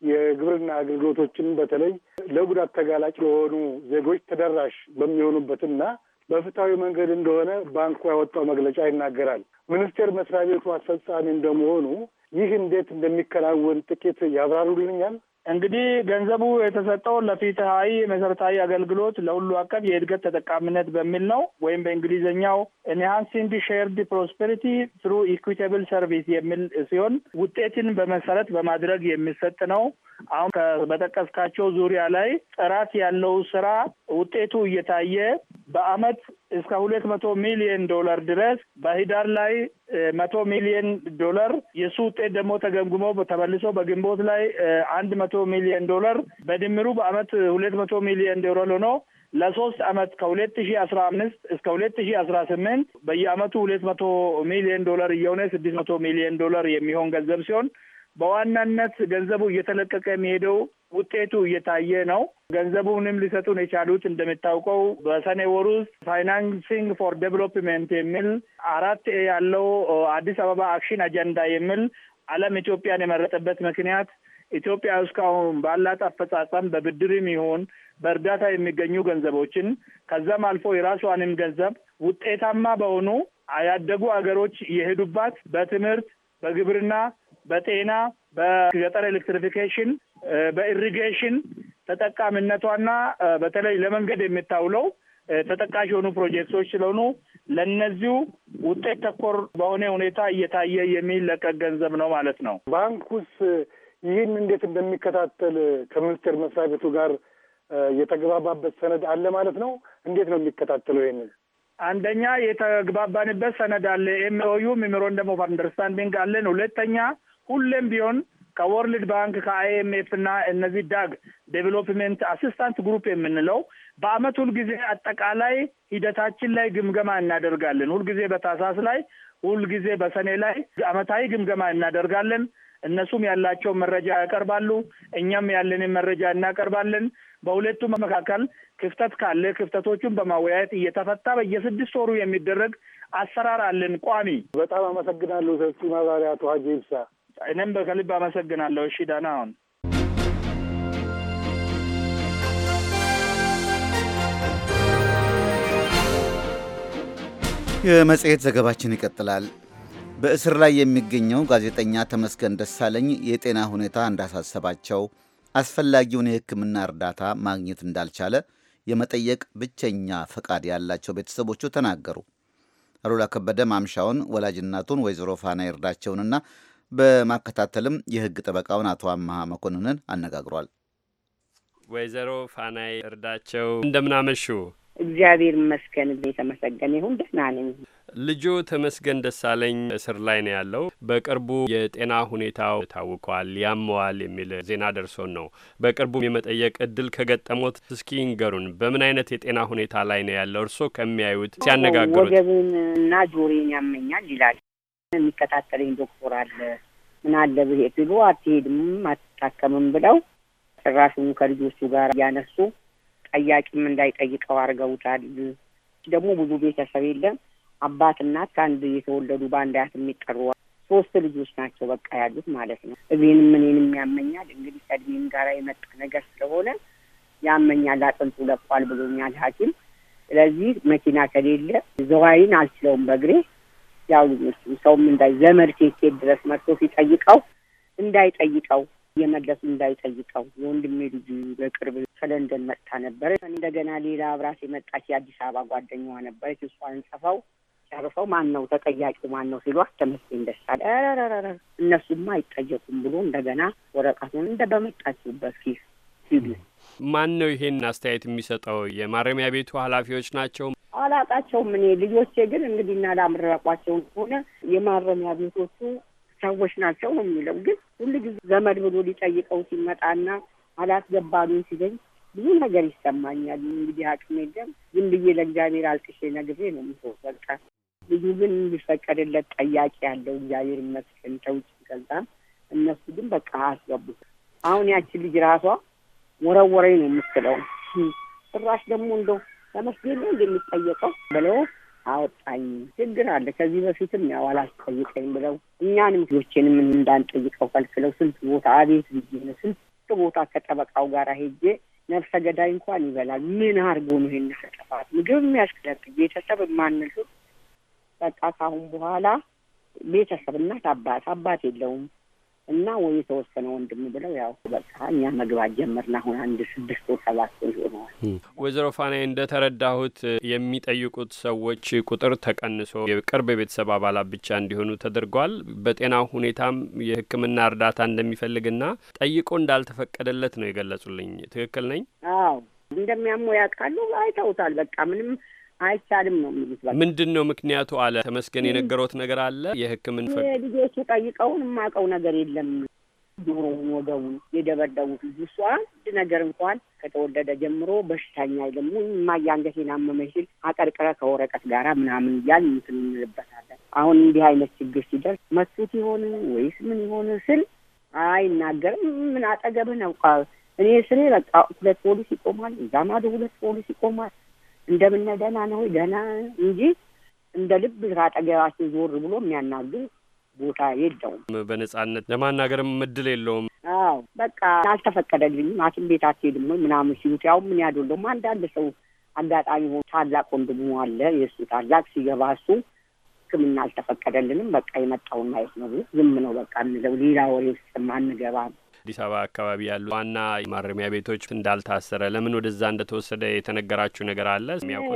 የግብርና አገልግሎቶችን በተለይ ለጉዳት ተጋላጭ ለሆኑ ዜጎች ተደራሽ በሚሆኑበትና በፍትሐዊ መንገድ እንደሆነ ባንኩ ያወጣው መግለጫ ይናገራል። ሚኒስቴር መስሪያ ቤቱ አስፈጻሚ እንደመሆኑ ይህ እንዴት እንደሚከናወን ጥቂት ያብራሩልኛል? እንግዲህ ገንዘቡ የተሰጠው ለፍትሐዊ መሰረታዊ አገልግሎት ለሁሉ አቀፍ የእድገት ተጠቃሚነት በሚል ነው ወይም በእንግሊዝኛው ኢንሃንሲንግ ሼርድ ፕሮስፐሪቲ ትሩ ኢኩዊታብል ሰርቪስ የሚል ሲሆን ውጤትን በመሰረት በማድረግ የሚሰጥ ነው። አሁን በጠቀስካቸው ዙሪያ ላይ ጥራት ያለው ስራ ውጤቱ እየታየ በአመት እስከ ሁለት መቶ ሚሊየን ዶላር ድረስ በሂዳር ላይ መቶ ሚሊየን ዶላር የሱ ውጤት ደግሞ ተገምግሞ ተመልሶ በግንቦት ላይ አንድ መቶ ሚሊየን ዶላር በድምሩ በአመት ሁለት መቶ ሚሊየን ዶላር ሆኖ ለሶስት አመት ከሁለት ሺ አስራ አምስት እስከ ሁለት ሺ አስራ ስምንት በየአመቱ ሁለት መቶ ሚሊየን ዶላር እየሆነ ስድስት መቶ ሚሊየን ዶላር የሚሆን ገንዘብ ሲሆን በዋናነት ገንዘቡ እየተለቀቀ የሚሄደው ውጤቱ እየታየ ነው። ገንዘቡንም ሊሰጡን የቻሉት እንደሚታውቀው በሰኔ ወር ውስጥ ፋይናንሲንግ ፎር ዴቨሎፕመንት የሚል አራት ያለው አዲስ አበባ አክሽን አጀንዳ የሚል ዓለም ኢትዮጵያን የመረጠበት ምክንያት ኢትዮጵያ እስካሁን ባላት አፈጻጸም በብድርም ይሁን በእርዳታ የሚገኙ ገንዘቦችን ከዛም አልፎ የራሷንም ገንዘብ ውጤታማ በሆኑ ያደጉ ሀገሮች የሄዱባት በትምህርት፣ በግብርና በጤና፣ በገጠር ኤሌክትሪፊኬሽን፣ በኢሪጌሽን ተጠቃሚነቷና በተለይ ለመንገድ የሚታውለው ተጠቃሽ የሆኑ ፕሮጀክቶች ስለሆኑ ለእነዚሁ ውጤት ተኮር በሆነ ሁኔታ እየታየ የሚለቀቅ ገንዘብ ነው ማለት ነው። ባንኩስ ይህን እንዴት እንደሚከታተል ከሚኒስቴር መስሪያ ቤቱ ጋር የተግባባበት ሰነድ አለ ማለት ነው። እንዴት ነው የሚከታተለው? ይህንን አንደኛ የተግባባንበት ሰነድ አለ፣ ኤምኦዩ ሜሞራንደም ኦፍ አንደርስታንዲንግ አለን። ሁለተኛ ሁሌም ቢሆን ከወርልድ ባንክ ከአይኤምኤፍ እና እነዚህ ዳግ ዴቨሎፕመንት አሲስታንት ግሩፕ የምንለው በአመት ሁልጊዜ አጠቃላይ ሂደታችን ላይ ግምገማ እናደርጋለን። ሁልጊዜ በታሳስ ላይ፣ ሁልጊዜ በሰኔ ላይ አመታዊ ግምገማ እናደርጋለን። እነሱም ያላቸውን መረጃ ያቀርባሉ፣ እኛም ያለንን መረጃ እናቀርባለን። በሁለቱም መካከል ክፍተት ካለ ክፍተቶቹን በማወያየት እየተፈታ በየስድስት ወሩ የሚደረግ አሰራር አለን ቋሚ። በጣም አመሰግናለሁ። ሰፊ ማብራሪያ አቶ ሀጂ ይብሳ። እኔም በከልብ አመሰግናለሁ። እሺ ደህና አሁን የመጽሔት ዘገባችን ይቀጥላል። በእስር ላይ የሚገኘው ጋዜጠኛ ተመስገን ደሳለኝ የጤና ሁኔታ እንዳሳሰባቸው አስፈላጊውን የሕክምና እርዳታ ማግኘት እንዳልቻለ የመጠየቅ ብቸኛ ፈቃድ ያላቸው ቤተሰቦቹ ተናገሩ። አሉላ ከበደ ማምሻውን ወላጅናቱን ወይዘሮ ፋና ይርዳቸውንና በማከታተልም የህግ ጠበቃውን አቶ አመሀ መኮንንን አነጋግሯል። ወይዘሮ ፋናይ እርዳቸው እንደምናመሹ። እግዚአብሔር ይመስገን የተመሰገነ ይሁን ደህና ነኝ። ልጁ ተመስገን ደሳለኝ እስር ላይ ነው ያለው። በቅርቡ የጤና ሁኔታው ታውቋል፣ ያመዋል የሚል ዜና ደርሶን ነው። በቅርቡ የመጠየቅ እድል ከገጠሞት እስኪ ንገሩን፣ በምን አይነት የጤና ሁኔታ ላይ ነው ያለው? እርስዎ ከሚያዩት ሲያነጋግሩት ወገብን እና ጆሬን ያመኛል ይላል። የሚከታተለኝ ዶክተር አለ ምን አለ ብሄ ብሎ አትሄድም አትታከምም ብለው ጭራሹን ከልጆቹ ጋር እያነሱ ጠያቂም እንዳይጠይቀው አድርገውታል። ደግሞ ብዙ ቤተሰብ የለም። አባት እናት ከአንድ የተወለዱ በአንድ አያት የሚጠሩ ሶስት ልጆች ናቸው በቃ ያሉት ማለት ነው። እኔንም እኔንም ያመኛል እንግዲህ ከእድሜም ጋር የመጣ ነገር ስለሆነ ያመኛል። አጥንቱ ለቋል ብሎኛል ሐኪም። ስለዚህ መኪና ከሌለ ዘዋይን አልችለውም በእግሬ ያው ሰውም እንዳይ ዘመድ ሲሄድ ድረስ መጥቶ ሲጠይቀው እንዳይጠይቀው የመለሱ እንዳይጠይቀው የወንድሜ ልጅ በቅርብ ከለንደን መጥታ ነበረ። እንደገና ሌላ አብራት የመጣች የአዲስ አበባ ጓደኛዋ ነበረች። እሷን ጽፈው ጨርሰው ማን ነው ተጠያቂው ማን ነው ሲሉ ተመስገን ደሳለኝ ረረረረ እነሱማ አይጠየቁም ብሎ እንደገና ወረቀቱን እንደ በመጣችሁበት ፊት ሲሉ ማን ነው ይሄን አስተያየት የሚሰጠው? የማረሚያ ቤቱ ኃላፊዎች ናቸው? አላጣቸውም። እኔ ልጆቼ ግን እንግዲህ እናላምረቋቸው ሆነ የማረሚያ ቤቶቹ ሰዎች ናቸው ነው የሚለው። ግን ሁሉ ጊዜ ዘመድ ብሎ ሊጠይቀው ሲመጣና አላስገባሉኝ ሲለኝ ብዙ ነገር ይሰማኛል። እንግዲህ አቅሜ የለም ዝም ብዬ ለእግዚአብሔር አልቅሼ ነግሬ ነው የምትወው። በቃ ልጁ ግን እንዲፈቀድለት ጠያቂ ያለው እግዚአብሔር ይመስገን ተውጭ ገልጣም እነሱ ግን በቃ አስገቡት። አሁን ያችን ልጅ ራሷ ወረወረኝ ነው የምትለው ጭራሽ ደግሞ እንደው ለመስጊድ ነው እንደሚጠየቀው ብሎ አወጣኝ። ችግር አለ። ከዚህ በፊትም ያው አላስጠይቀኝ ብለው እኛንም ልጆቼንም እንዳንጠይቀው ከልክለው ስንት ቦታ አቤት ብዬ ነው ስንት ቦታ ከጠበቃው ጋር ሄጄ ነፍሰ ገዳይ እንኳን ይበላል። ምን አድርጎ ነው ይህን ጥፋት ምግብ የሚያስክደርግ ቤተሰብ የማንል በቃ ካሁን በኋላ ቤተሰብ እናት አባት አባት የለውም እና ወይ የተወሰነ ወንድም ብለው ያው በቃ እኛ መግባት ጀመርን። አሁን አንድ ስድስት ሰባት ወር ሆነዋል። ወይዘሮ ፋና እንደ ተረዳሁት የሚጠይቁት ሰዎች ቁጥር ተቀንሶ የቅርብ የቤተሰብ አባላት ብቻ እንዲሆኑ ተደርጓል። በጤና ሁኔታም የሕክምና እርዳታ እንደሚፈልግና ጠይቆ እንዳልተፈቀደለት ነው የገለጹልኝ። ትክክል ነኝ? አዎ እንደሚያሙ ያውቃሉ። አይተውታል። በቃ ምንም አይቻልም ነው የሚሉት። ምንድን ነው ምክንያቱ? አለ ተመስገን የነገሮት ነገር አለ የሕክምና ልጆቹ ጠይቀውን የማውቀው ነገር የለም። ጆሮውን ወገቡን የደበደቡት ልጅ እሷ አንድ ነገር እንኳን ከተወለደ ጀምሮ በሽተኛ አይደለም። እማዬ አንገቴን አመመኝ ሲል አቀርቅረ ከወረቀት ጋራ ምናምን እያል እንትን እንልበታለን። አሁን እንዲህ አይነት ችግር ሲደርስ መቱት ይሆን ወይስ ምን ይሆን ስል አይናገርም። ምን አጠገብህ ነው? እኔ ስሬ በቃ ሁለት ፖሊስ ይቆማል፣ እዛ ማዶ ሁለት ፖሊስ ይቆማል። እንደምን ነህ ደህና ነው ደህና እንጂ እንደ ልብ ከአጠገባቸው ዞር ብሎ የሚያናግር ቦታ የለውም። በነጻነት ለማናገርም እድል የለውም። አዎ በቃ አልተፈቀደልኝም፣ ሐኪም ቤት አትሄድም ወይ ምናምን ሲሉት ያው ምን ያዶ አንዳንድ ሰው አጋጣሚ ሆኖ ታላቅ ወንድሙ አለ የእሱ ታላቅ ሲገባ እሱ ሕክምና አልተፈቀደልንም በቃ የመጣውን ማየት ነው ዝም ነው በቃ እንለው ሌላ ወሬ ውስጥ ማንገባ ነው አዲስ አበባ አካባቢ ያሉ ዋና ማረሚያ ቤቶች እንዳልታሰረ ለምን ወደዛ እንደተወሰደ የተነገራችሁ ነገር አለ?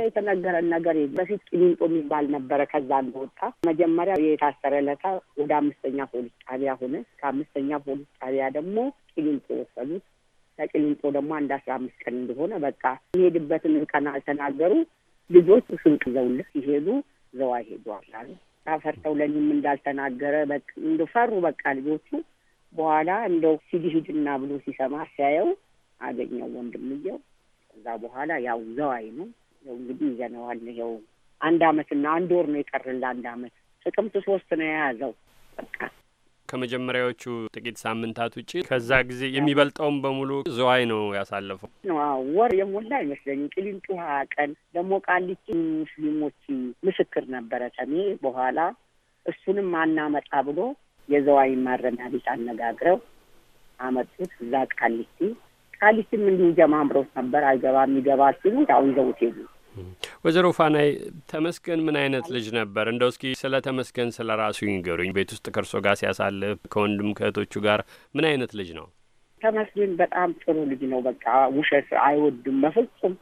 የተነገረን ነገር በፊት ቅሊንጦ የሚባል ነበረ። ከዛ እንደወጣ መጀመሪያ የታሰረ ለታ ወደ አምስተኛ ፖሊስ ጣቢያ ሆነ። ከአምስተኛ ፖሊስ ጣቢያ ደግሞ ቅሊንጦ ወሰዱት። ከቅሊንጦ ደግሞ አንድ አስራ አምስት ቀን እንደሆነ በቃ የሄድበትን ቀን አልተናገሩ። ልጆቹ ስንቅ ዘውልህ ሲሄዱ ዘዋ ሄዱ አላሉ ፈርተው ለኒም እንዳልተናገረ እንደ ፈሩ በቃ ልጆቹ በኋላ እንደው ሲዲ ሂድና ብሎ ሲሰማ ሲያየው አገኘው ወንድምየው። ከዛ በኋላ ያው ዘዋይ ነው ያው እንግዲህ ይዘነዋል። ይኸው አንድ አመትና አንድ ወር ነው የቀርን ለአንድ አመት። ጥቅምት ሶስት ነው የያዘው በቃ ከመጀመሪያዎቹ ጥቂት ሳምንታት ውጭ ከዛ ጊዜ የሚበልጠውን በሙሉ ዝዋይ ነው ያሳለፈው። ወር የሞላ አይመስለኝም። ቅሊንጦ ሀያ ቀን ደግሞ ቃሊቲ ሙስሊሞች ምስክር ነበረ ሰሜ በኋላ እሱንም አናመጣ ብሎ የዘዋይ ማረሚያ ቤት አነጋግረው አመጡት። እዛ ቃሊቲ ቃሊቲም እንዲሁ ጀማምሮት ነበር። አይገባ የሚገባ ሲሉ አሁን ዘውት ሄዱ። ወይዘሮ ፋናይ ተመስገን ምን አይነት ልጅ ነበር? እንደው እስኪ ስለ ተመስገን ስለ ራሱ ይንገሩኝ። ቤት ውስጥ ከእርሶ ጋር ሲያሳልፍ ከወንድም ከእህቶቹ ጋር ምን አይነት ልጅ ነው? ተመስገን በጣም ጥሩ ልጅ ነው። በቃ ውሸት አይወድም በፍጹም።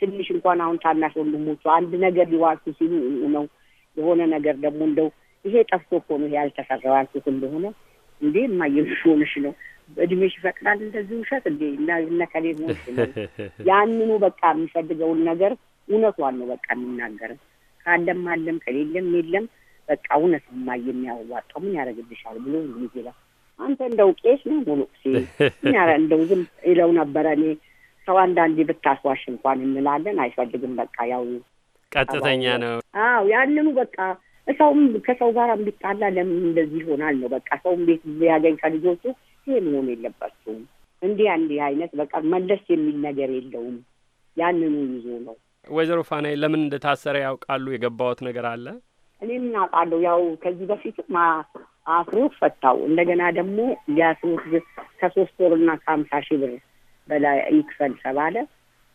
ትንሽ እንኳን አሁን ታናሽ ወንድሞቹ አንድ ነገር ሊዋሱ ሲሉ ነው የሆነ ነገር ደግሞ እንደው ይሄ ጠፍቶ እኮ ነው ያልተሰራው አልኩት እንደሆነ እንዴ የማየምሾንሽ ነው እድሜሽ ይፈቅዳል እንደዚህ ውሸት እንዴ እነከሌ ሆንሽ ነው ያንኑ በቃ የሚፈልገውን ነገር እውነቷን ነው በቃ የሚናገርም ካለም አለም ከሌለም የለም በቃ እውነት ማ የሚያዋጣው ምን ያደርግልሻል ብሎ ጊዜ ላ አንተ እንደው ቄስ ነው ሙሉ ምን እንደው ዝም ይለው ነበረ። እኔ ሰው አንዳንዴ ብታስዋሽ እንኳን እንላለን አይፈልግም። በቃ ያው ቀጥተኛ ነው። አዎ ያንኑ በቃ ሰውም ከሰው ጋር ቢጣላ ለምን እንደዚህ ይሆናል ነው በቃ ሰውም ቤት ሊያገኝ ከልጆቹ ይሄ መሆን የለባቸውም። እንዲህ እንዲህ አይነት በቃ መለስ የሚል ነገር የለውም። ያንኑ ይዞ ነው። ወይዘሮ ፋና ለምን እንደታሰረ ያውቃሉ? የገባዎት ነገር አለ? እኔ ምን አውቃለሁ። ያው ከዚህ በፊት አስሮ ፈታው። እንደገና ደግሞ ሊያስሩት ከሶስት ወርና ከአምሳ ሺህ ብር በላይ ይክፈል ተባለ።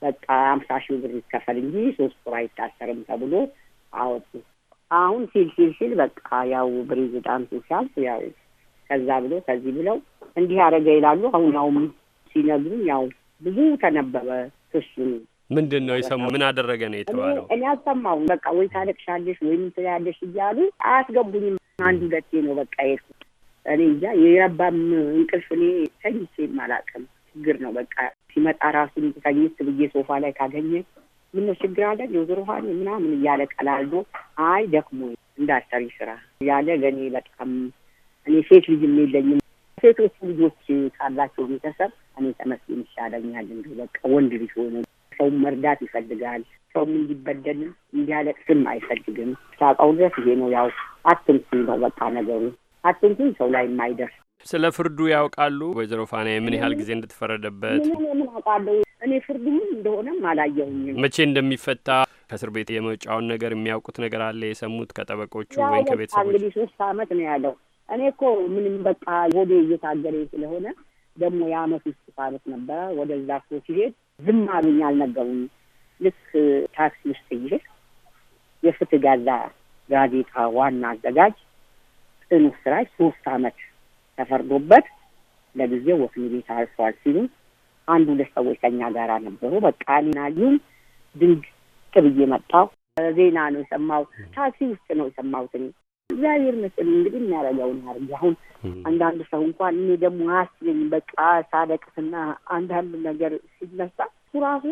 በቃ አምሳ ሺህ ብር ይከፈል እንጂ ሶስት ወር አይታሰርም ተብሎ አወጡ። አሁን ሲል ሲል ሲል በቃ ያው ፕሬዚዳንቱ ሲያልፍ ያው ከዛ ብሎ ከዚህ ብለው እንዲህ ያደረገ ይላሉ። አሁን ያው ሲነግሩኝ ያው ብዙ ተነበበ ክሱን። ምንድን ነው የሰሙ? ምን አደረገ ነው የተባለው? እኔ አልሰማሁ። በቃ ወይ ታለቅሻለሽ ወይም ትያለሽ እያሉ አያስገቡኝም። አንድ ሁለቴ ነው በቃ የ እኔ እያ የረባም እንቅልፍ እኔ ተኝቼም አላውቅም። ችግር ነው በቃ ሲመጣ ራሱ ተኝት ብዬ ሶፋ ላይ ካገኘ ምን ነው ችግር አለ የወይዘሮ ሀኒ ምናምን እያለ ቀላልዶ አይ ደክሞ እንዳሰሪ ስራ ያለ ለእኔ በጣም እኔ ሴት ልጅም የለኝም ሴቶች ልጆች ካላቸው ቤተሰብ እኔ ተመስገን ይሻለኛል። እንዲ በቃ ወንድ ልጅ ሆነ ሰውም መርዳት ይፈልጋል። ሰውም እንዲበደልም እንዲያለቅስም አይፈልግም። ሳቀው ድረስ ይሄ ነው ያው አትንኩኝ ነው በቃ ነገሩ አትንኩኝ ሰው ላይ የማይደርስ ስለ ፍርዱ ያውቃሉ ወይዘሮ ፋና? የምን ያህል ጊዜ እንደተፈረደበት ምን አውቃለሁ እኔ ፍርዱ ምን እንደሆነም አላየሁኝም። መቼ እንደሚፈታ ከእስር ቤት የመውጫውን ነገር የሚያውቁት ነገር አለ? የሰሙት ከጠበቆቹ ወይም ከቤተሰቦቹ? እንግዲህ ሶስት አመት ነው ያለው። እኔ እኮ ምንም በቃ ወደ እየታገለ ስለሆነ ደግሞ የአመት ውስጥ ፋረት ነበረ። ወደዛ እኮ ሲሄድ ዝም አሉኝ፣ አልነገሩኝ። ልክ ታክሲ ውስጥ እየሄድ የፍትህ ጋዛ ጋዜጣ ዋና አዘጋጅ ጽኑ እስራት ሶስት አመት ተፈርዶበት ለጊዜው ወህኒ ቤት አርፏል ሲሉ አንድ ሁለት ሰዎች ከኛ ጋር ነበሩ። በቃ ሊናዩም ድንግጥ ብዬ መጣሁ። ዜና ነው የሰማሁት፣ ታክሲ ውስጥ ነው የሰማሁት። እግዚአብሔር ይመስገን እንግዲህ የሚያደርገውን አድርጌ። አሁን አንዳንድ ሰው እንኳን እኔ ደግሞ አያስብኝ በቃ ሳለቅስና አንዳንድ ነገር ሲነሳ ራሱ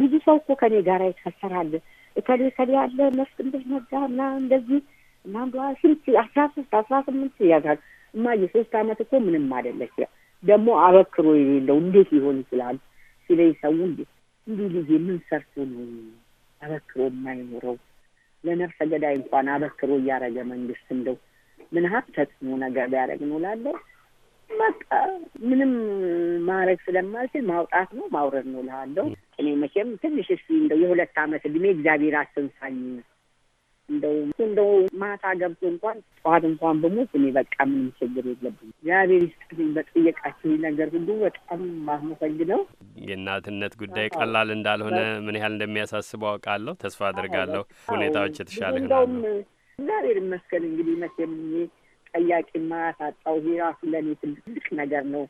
ብዙ ሰው እኮ ከኔ ጋር ይታሰራል እከሌ እከሌ ያለ መስክ እንደነጋ ና እንደዚህ እና አንዷ ስንት አስራ ሶስት አስራ ስምንት ያዛል እማ የሶስት አመት እኮ ምንም አደለች ደግሞ አበክሮ የሌለው እንዴት ሊሆን ይችላል ሲለኝ ሰው እንዲህ ልጅ ምን ሰርቶ ነው አበክሮ የማይኖረው? ለነፍሰ ገዳይ እንኳን አበክሮ እያደረገ መንግስት እንደው ምን ሀብ ተጽዕኖ ነገር ቢያደረግ ነው ላለው በቃ ምንም ማድረግ ስለማልችል ማውጣት ነው ማውረድ ነው ላለው እኔ መቼም ትንሽ እስኪ እንደው የሁለት አመት እድሜ እግዚአብሔር አስተንሳኝ እንደው እንደው ማታ ገብቶ እንኳን ጠዋት እንኳን በሞት እኔ በቃ ምንም ችግር የለብኝ። እግዚአብሔር ይስጥልኝ። በጠየቃችሁ ነገር ሁሉ በጣም ማመሰግነው። የእናትነት ጉዳይ ቀላል እንዳልሆነ ምን ያህል እንደሚያሳስበው አውቃለሁ። ተስፋ አድርጋለሁ ሁኔታዎች የተሻለ ይሆናሉ። እግዚአብሔር ይመስገን። እንግዲህ መቼም ጠያቂ ማያሳጣው ራሱ ለእኔ ትልቅ ነገር ነው።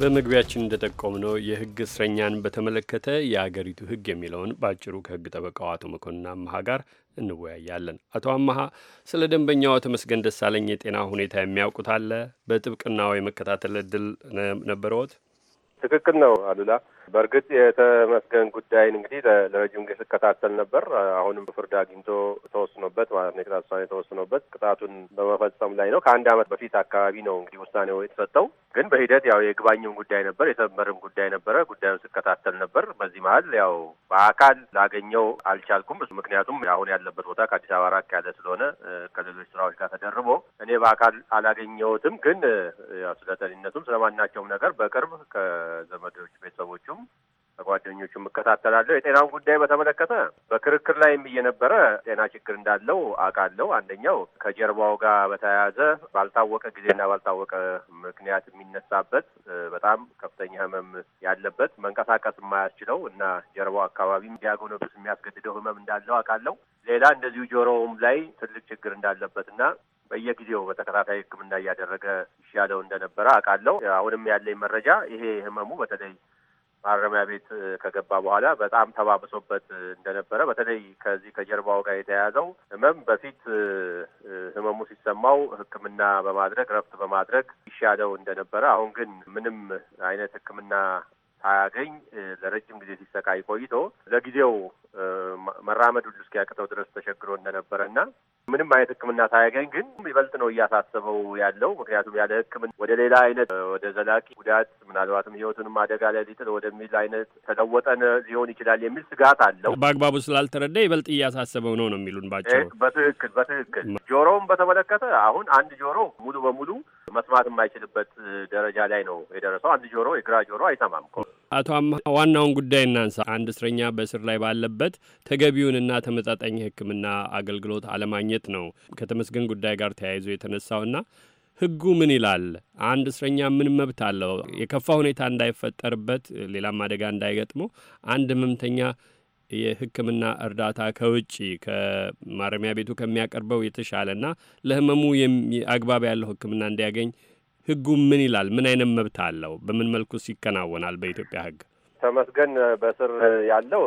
በመግቢያችን እንደጠቆምነው የህግ እስረኛን በተመለከተ የአገሪቱ ህግ የሚለውን በአጭሩ ከህግ ጠበቃው አቶ መኮንን አመሀ ጋር እንወያያለን። አቶ አመሀ ስለ ደንበኛው ተመስገን ደሳለኝ የጤና ሁኔታ የሚያውቁት አለ? በጥብቅና የመከታተል እድል ነበረዎት? ትክክል ነው አሉላ። በእርግጥ የተመስገን ጉዳይን እንግዲህ ለረጅም ጊዜ ስከታተል ነበር። አሁንም በፍርድ አግኝቶ ተወስኖበት ማለት ነው፣ የቅጣት ውሳኔ ተወስኖበት ቅጣቱን በመፈጸም ላይ ነው። ከአንድ አመት በፊት አካባቢ ነው እንግዲህ ውሳኔው የተሰጠው። ግን በሂደት ያው የግባኝም ጉዳይ ነበር፣ የሰመርም ጉዳይ ነበረ። ጉዳዩን ስከታተል ነበር። በዚህ መሀል ያው በአካል ላገኘው አልቻልኩም። ምክንያቱም አሁን ያለበት ቦታ ከአዲስ አበባ ራቅ ያለ ስለሆነ ከሌሎች ስራዎች ጋር ተደርቦ እኔ በአካል አላገኘሁትም። ግን ስለ ጤንነቱም ስለማናቸውም ነገር በቅርብ ከዘመዶች ቤተሰቦቹም ጓደኞቹ እከታተላለሁ። የጤናውን ጉዳይ በተመለከተ በክርክር ላይም እየነበረ ጤና ችግር እንዳለው አውቃለሁ። አንደኛው ከጀርባው ጋር በተያያዘ ባልታወቀ ጊዜና ባልታወቀ ምክንያት የሚነሳበት በጣም ከፍተኛ ሕመም ያለበት መንቀሳቀስ የማያስችለው እና ጀርባው አካባቢ ዲያጎኖስ የሚያስገድደው ሕመም እንዳለው አውቃለሁ። ሌላ እንደዚሁ ጆሮውም ላይ ትልቅ ችግር እንዳለበትና በየጊዜው በተከታታይ ሕክምና እያደረገ ይሻለው እንደነበረ አውቃለሁ። አሁንም ያለኝ መረጃ ይሄ ህመሙ በተለይ ማረሚያ ቤት ከገባ በኋላ በጣም ተባብሶበት እንደነበረ በተለይ ከዚህ ከጀርባው ጋር የተያያዘው ህመም በፊት ህመሙ ሲሰማው ሕክምና በማድረግ ረፍት በማድረግ ይሻለው እንደነበረ አሁን ግን ምንም አይነት ሕክምና ሳያገኝ ለረጅም ጊዜ ሲሰቃይ ቆይቶ ለጊዜው መራመዱ እስኪያቅተው ድረስ ተቸግሮ እንደነበረ እና ምንም አይነት ሕክምና ሳያገኝ ግን ይበልጥ ነው እያሳሰበው ያለው። ምክንያቱም ያለ ሕክምና ወደ ሌላ አይነት ወደ ዘላቂ ጉዳት ምናልባትም ህይወቱንም አደጋ ላይ ሊጥል ወደሚል አይነት ተለወጠን ሊሆን ይችላል የሚል ስጋት አለው። በአግባቡ ስላልተረዳ ይበልጥ እያሳሰበው ነው ነው የሚሉን ባቸው። በትክክል በትክክል ጆሮውን በተመለከተ አሁን አንድ ጆሮ ሙሉ በሙሉ መስማት የማይችልበት ደረጃ ላይ ነው የደረሰው። አንድ ጆሮ የግራ ጆሮ አይሰማም። አቶ አማ ዋናውን ጉዳይ እናንሳ። አንድ እስረኛ በእስር ላይ ባለበት ተገቢውንና ተመጣጣኝ ሕክምና አገልግሎት አለማግኘት ነው ከተመስገን ጉዳይ ጋር ተያይዞ የተነሳውና ህጉ ምን ይላል? አንድ እስረኛ ምን መብት አለው? የከፋ ሁኔታ እንዳይፈጠርበት፣ ሌላም አደጋ እንዳይገጥመው አንድ ህመምተኛ የሕክምና እርዳታ ከውጭ ከማረሚያ ቤቱ ከሚያቀርበው የተሻለና ለህመሙ አግባብ ያለው ሕክምና እንዲያገኝ ህጉ ምን ይላል? ምን አይነት መብት አለው? በምን መልኩ ይከናወናል? በኢትዮጵያ ህግ ተመስገን በስር ያለው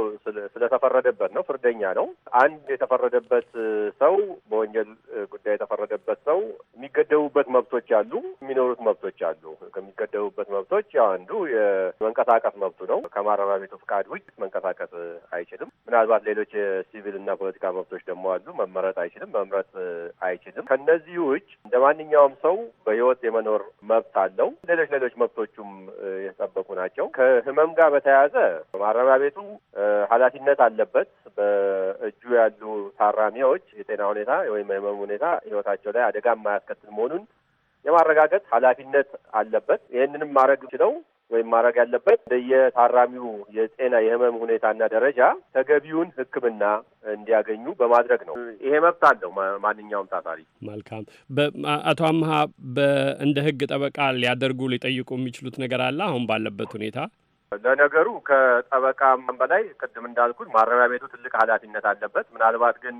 ስለተፈረደበት ነው። ፍርደኛ ነው። አንድ የተፈረደበት ሰው በወንጀል ጉዳይ የተፈረደበት ሰው የሚገደቡበት መብቶች አሉ፣ የሚኖሩት መብቶች አሉ። ከሚገደቡበት መብቶች ያው አንዱ የመንቀሳቀስ መብቱ ነው። ከማረሚያ ቤቱ ፍቃድ ውጭ መንቀሳቀስ አይችልም። ምናልባት ሌሎች የሲቪል እና ፖለቲካ መብቶች ደግሞ አሉ። መመረጥ አይችልም፣ መምረጥ አይችልም። ከነዚህ ውጭ እንደ ማንኛውም ሰው በህይወት የመኖር መብት አለው። ሌሎች ሌሎች መብቶቹም የተጠበቁ ናቸው። ከህመም ጋር በተያያዘ ማረሚያ ቤቱ ኃላፊነት አለበት። በእጁ ያሉ ታራሚዎች የጤና ሁኔታ ወይም የህመም ሁኔታ ህይወታቸው ላይ አደጋ የማያስከትል መሆኑን የማረጋገጥ ኃላፊነት አለበት። ይህንንም ማድረግ ችለው ወይም ማድረግ ያለበት እንደየታራሚው የጤና የህመም ሁኔታና ደረጃ ተገቢውን ሕክምና እንዲያገኙ በማድረግ ነው። ይሄ መብት አለው ማንኛውም ታሳሪ። መልካም። አቶ አምሀ እንደ ህግ ጠበቃ ሊያደርጉ ሊጠይቁ የሚችሉት ነገር አለ አሁን ባለበት ሁኔታ ለነገሩ ከጠበቃም በላይ ቅድም እንዳልኩት ማረሚያ ቤቱ ትልቅ ኃላፊነት አለበት። ምናልባት ግን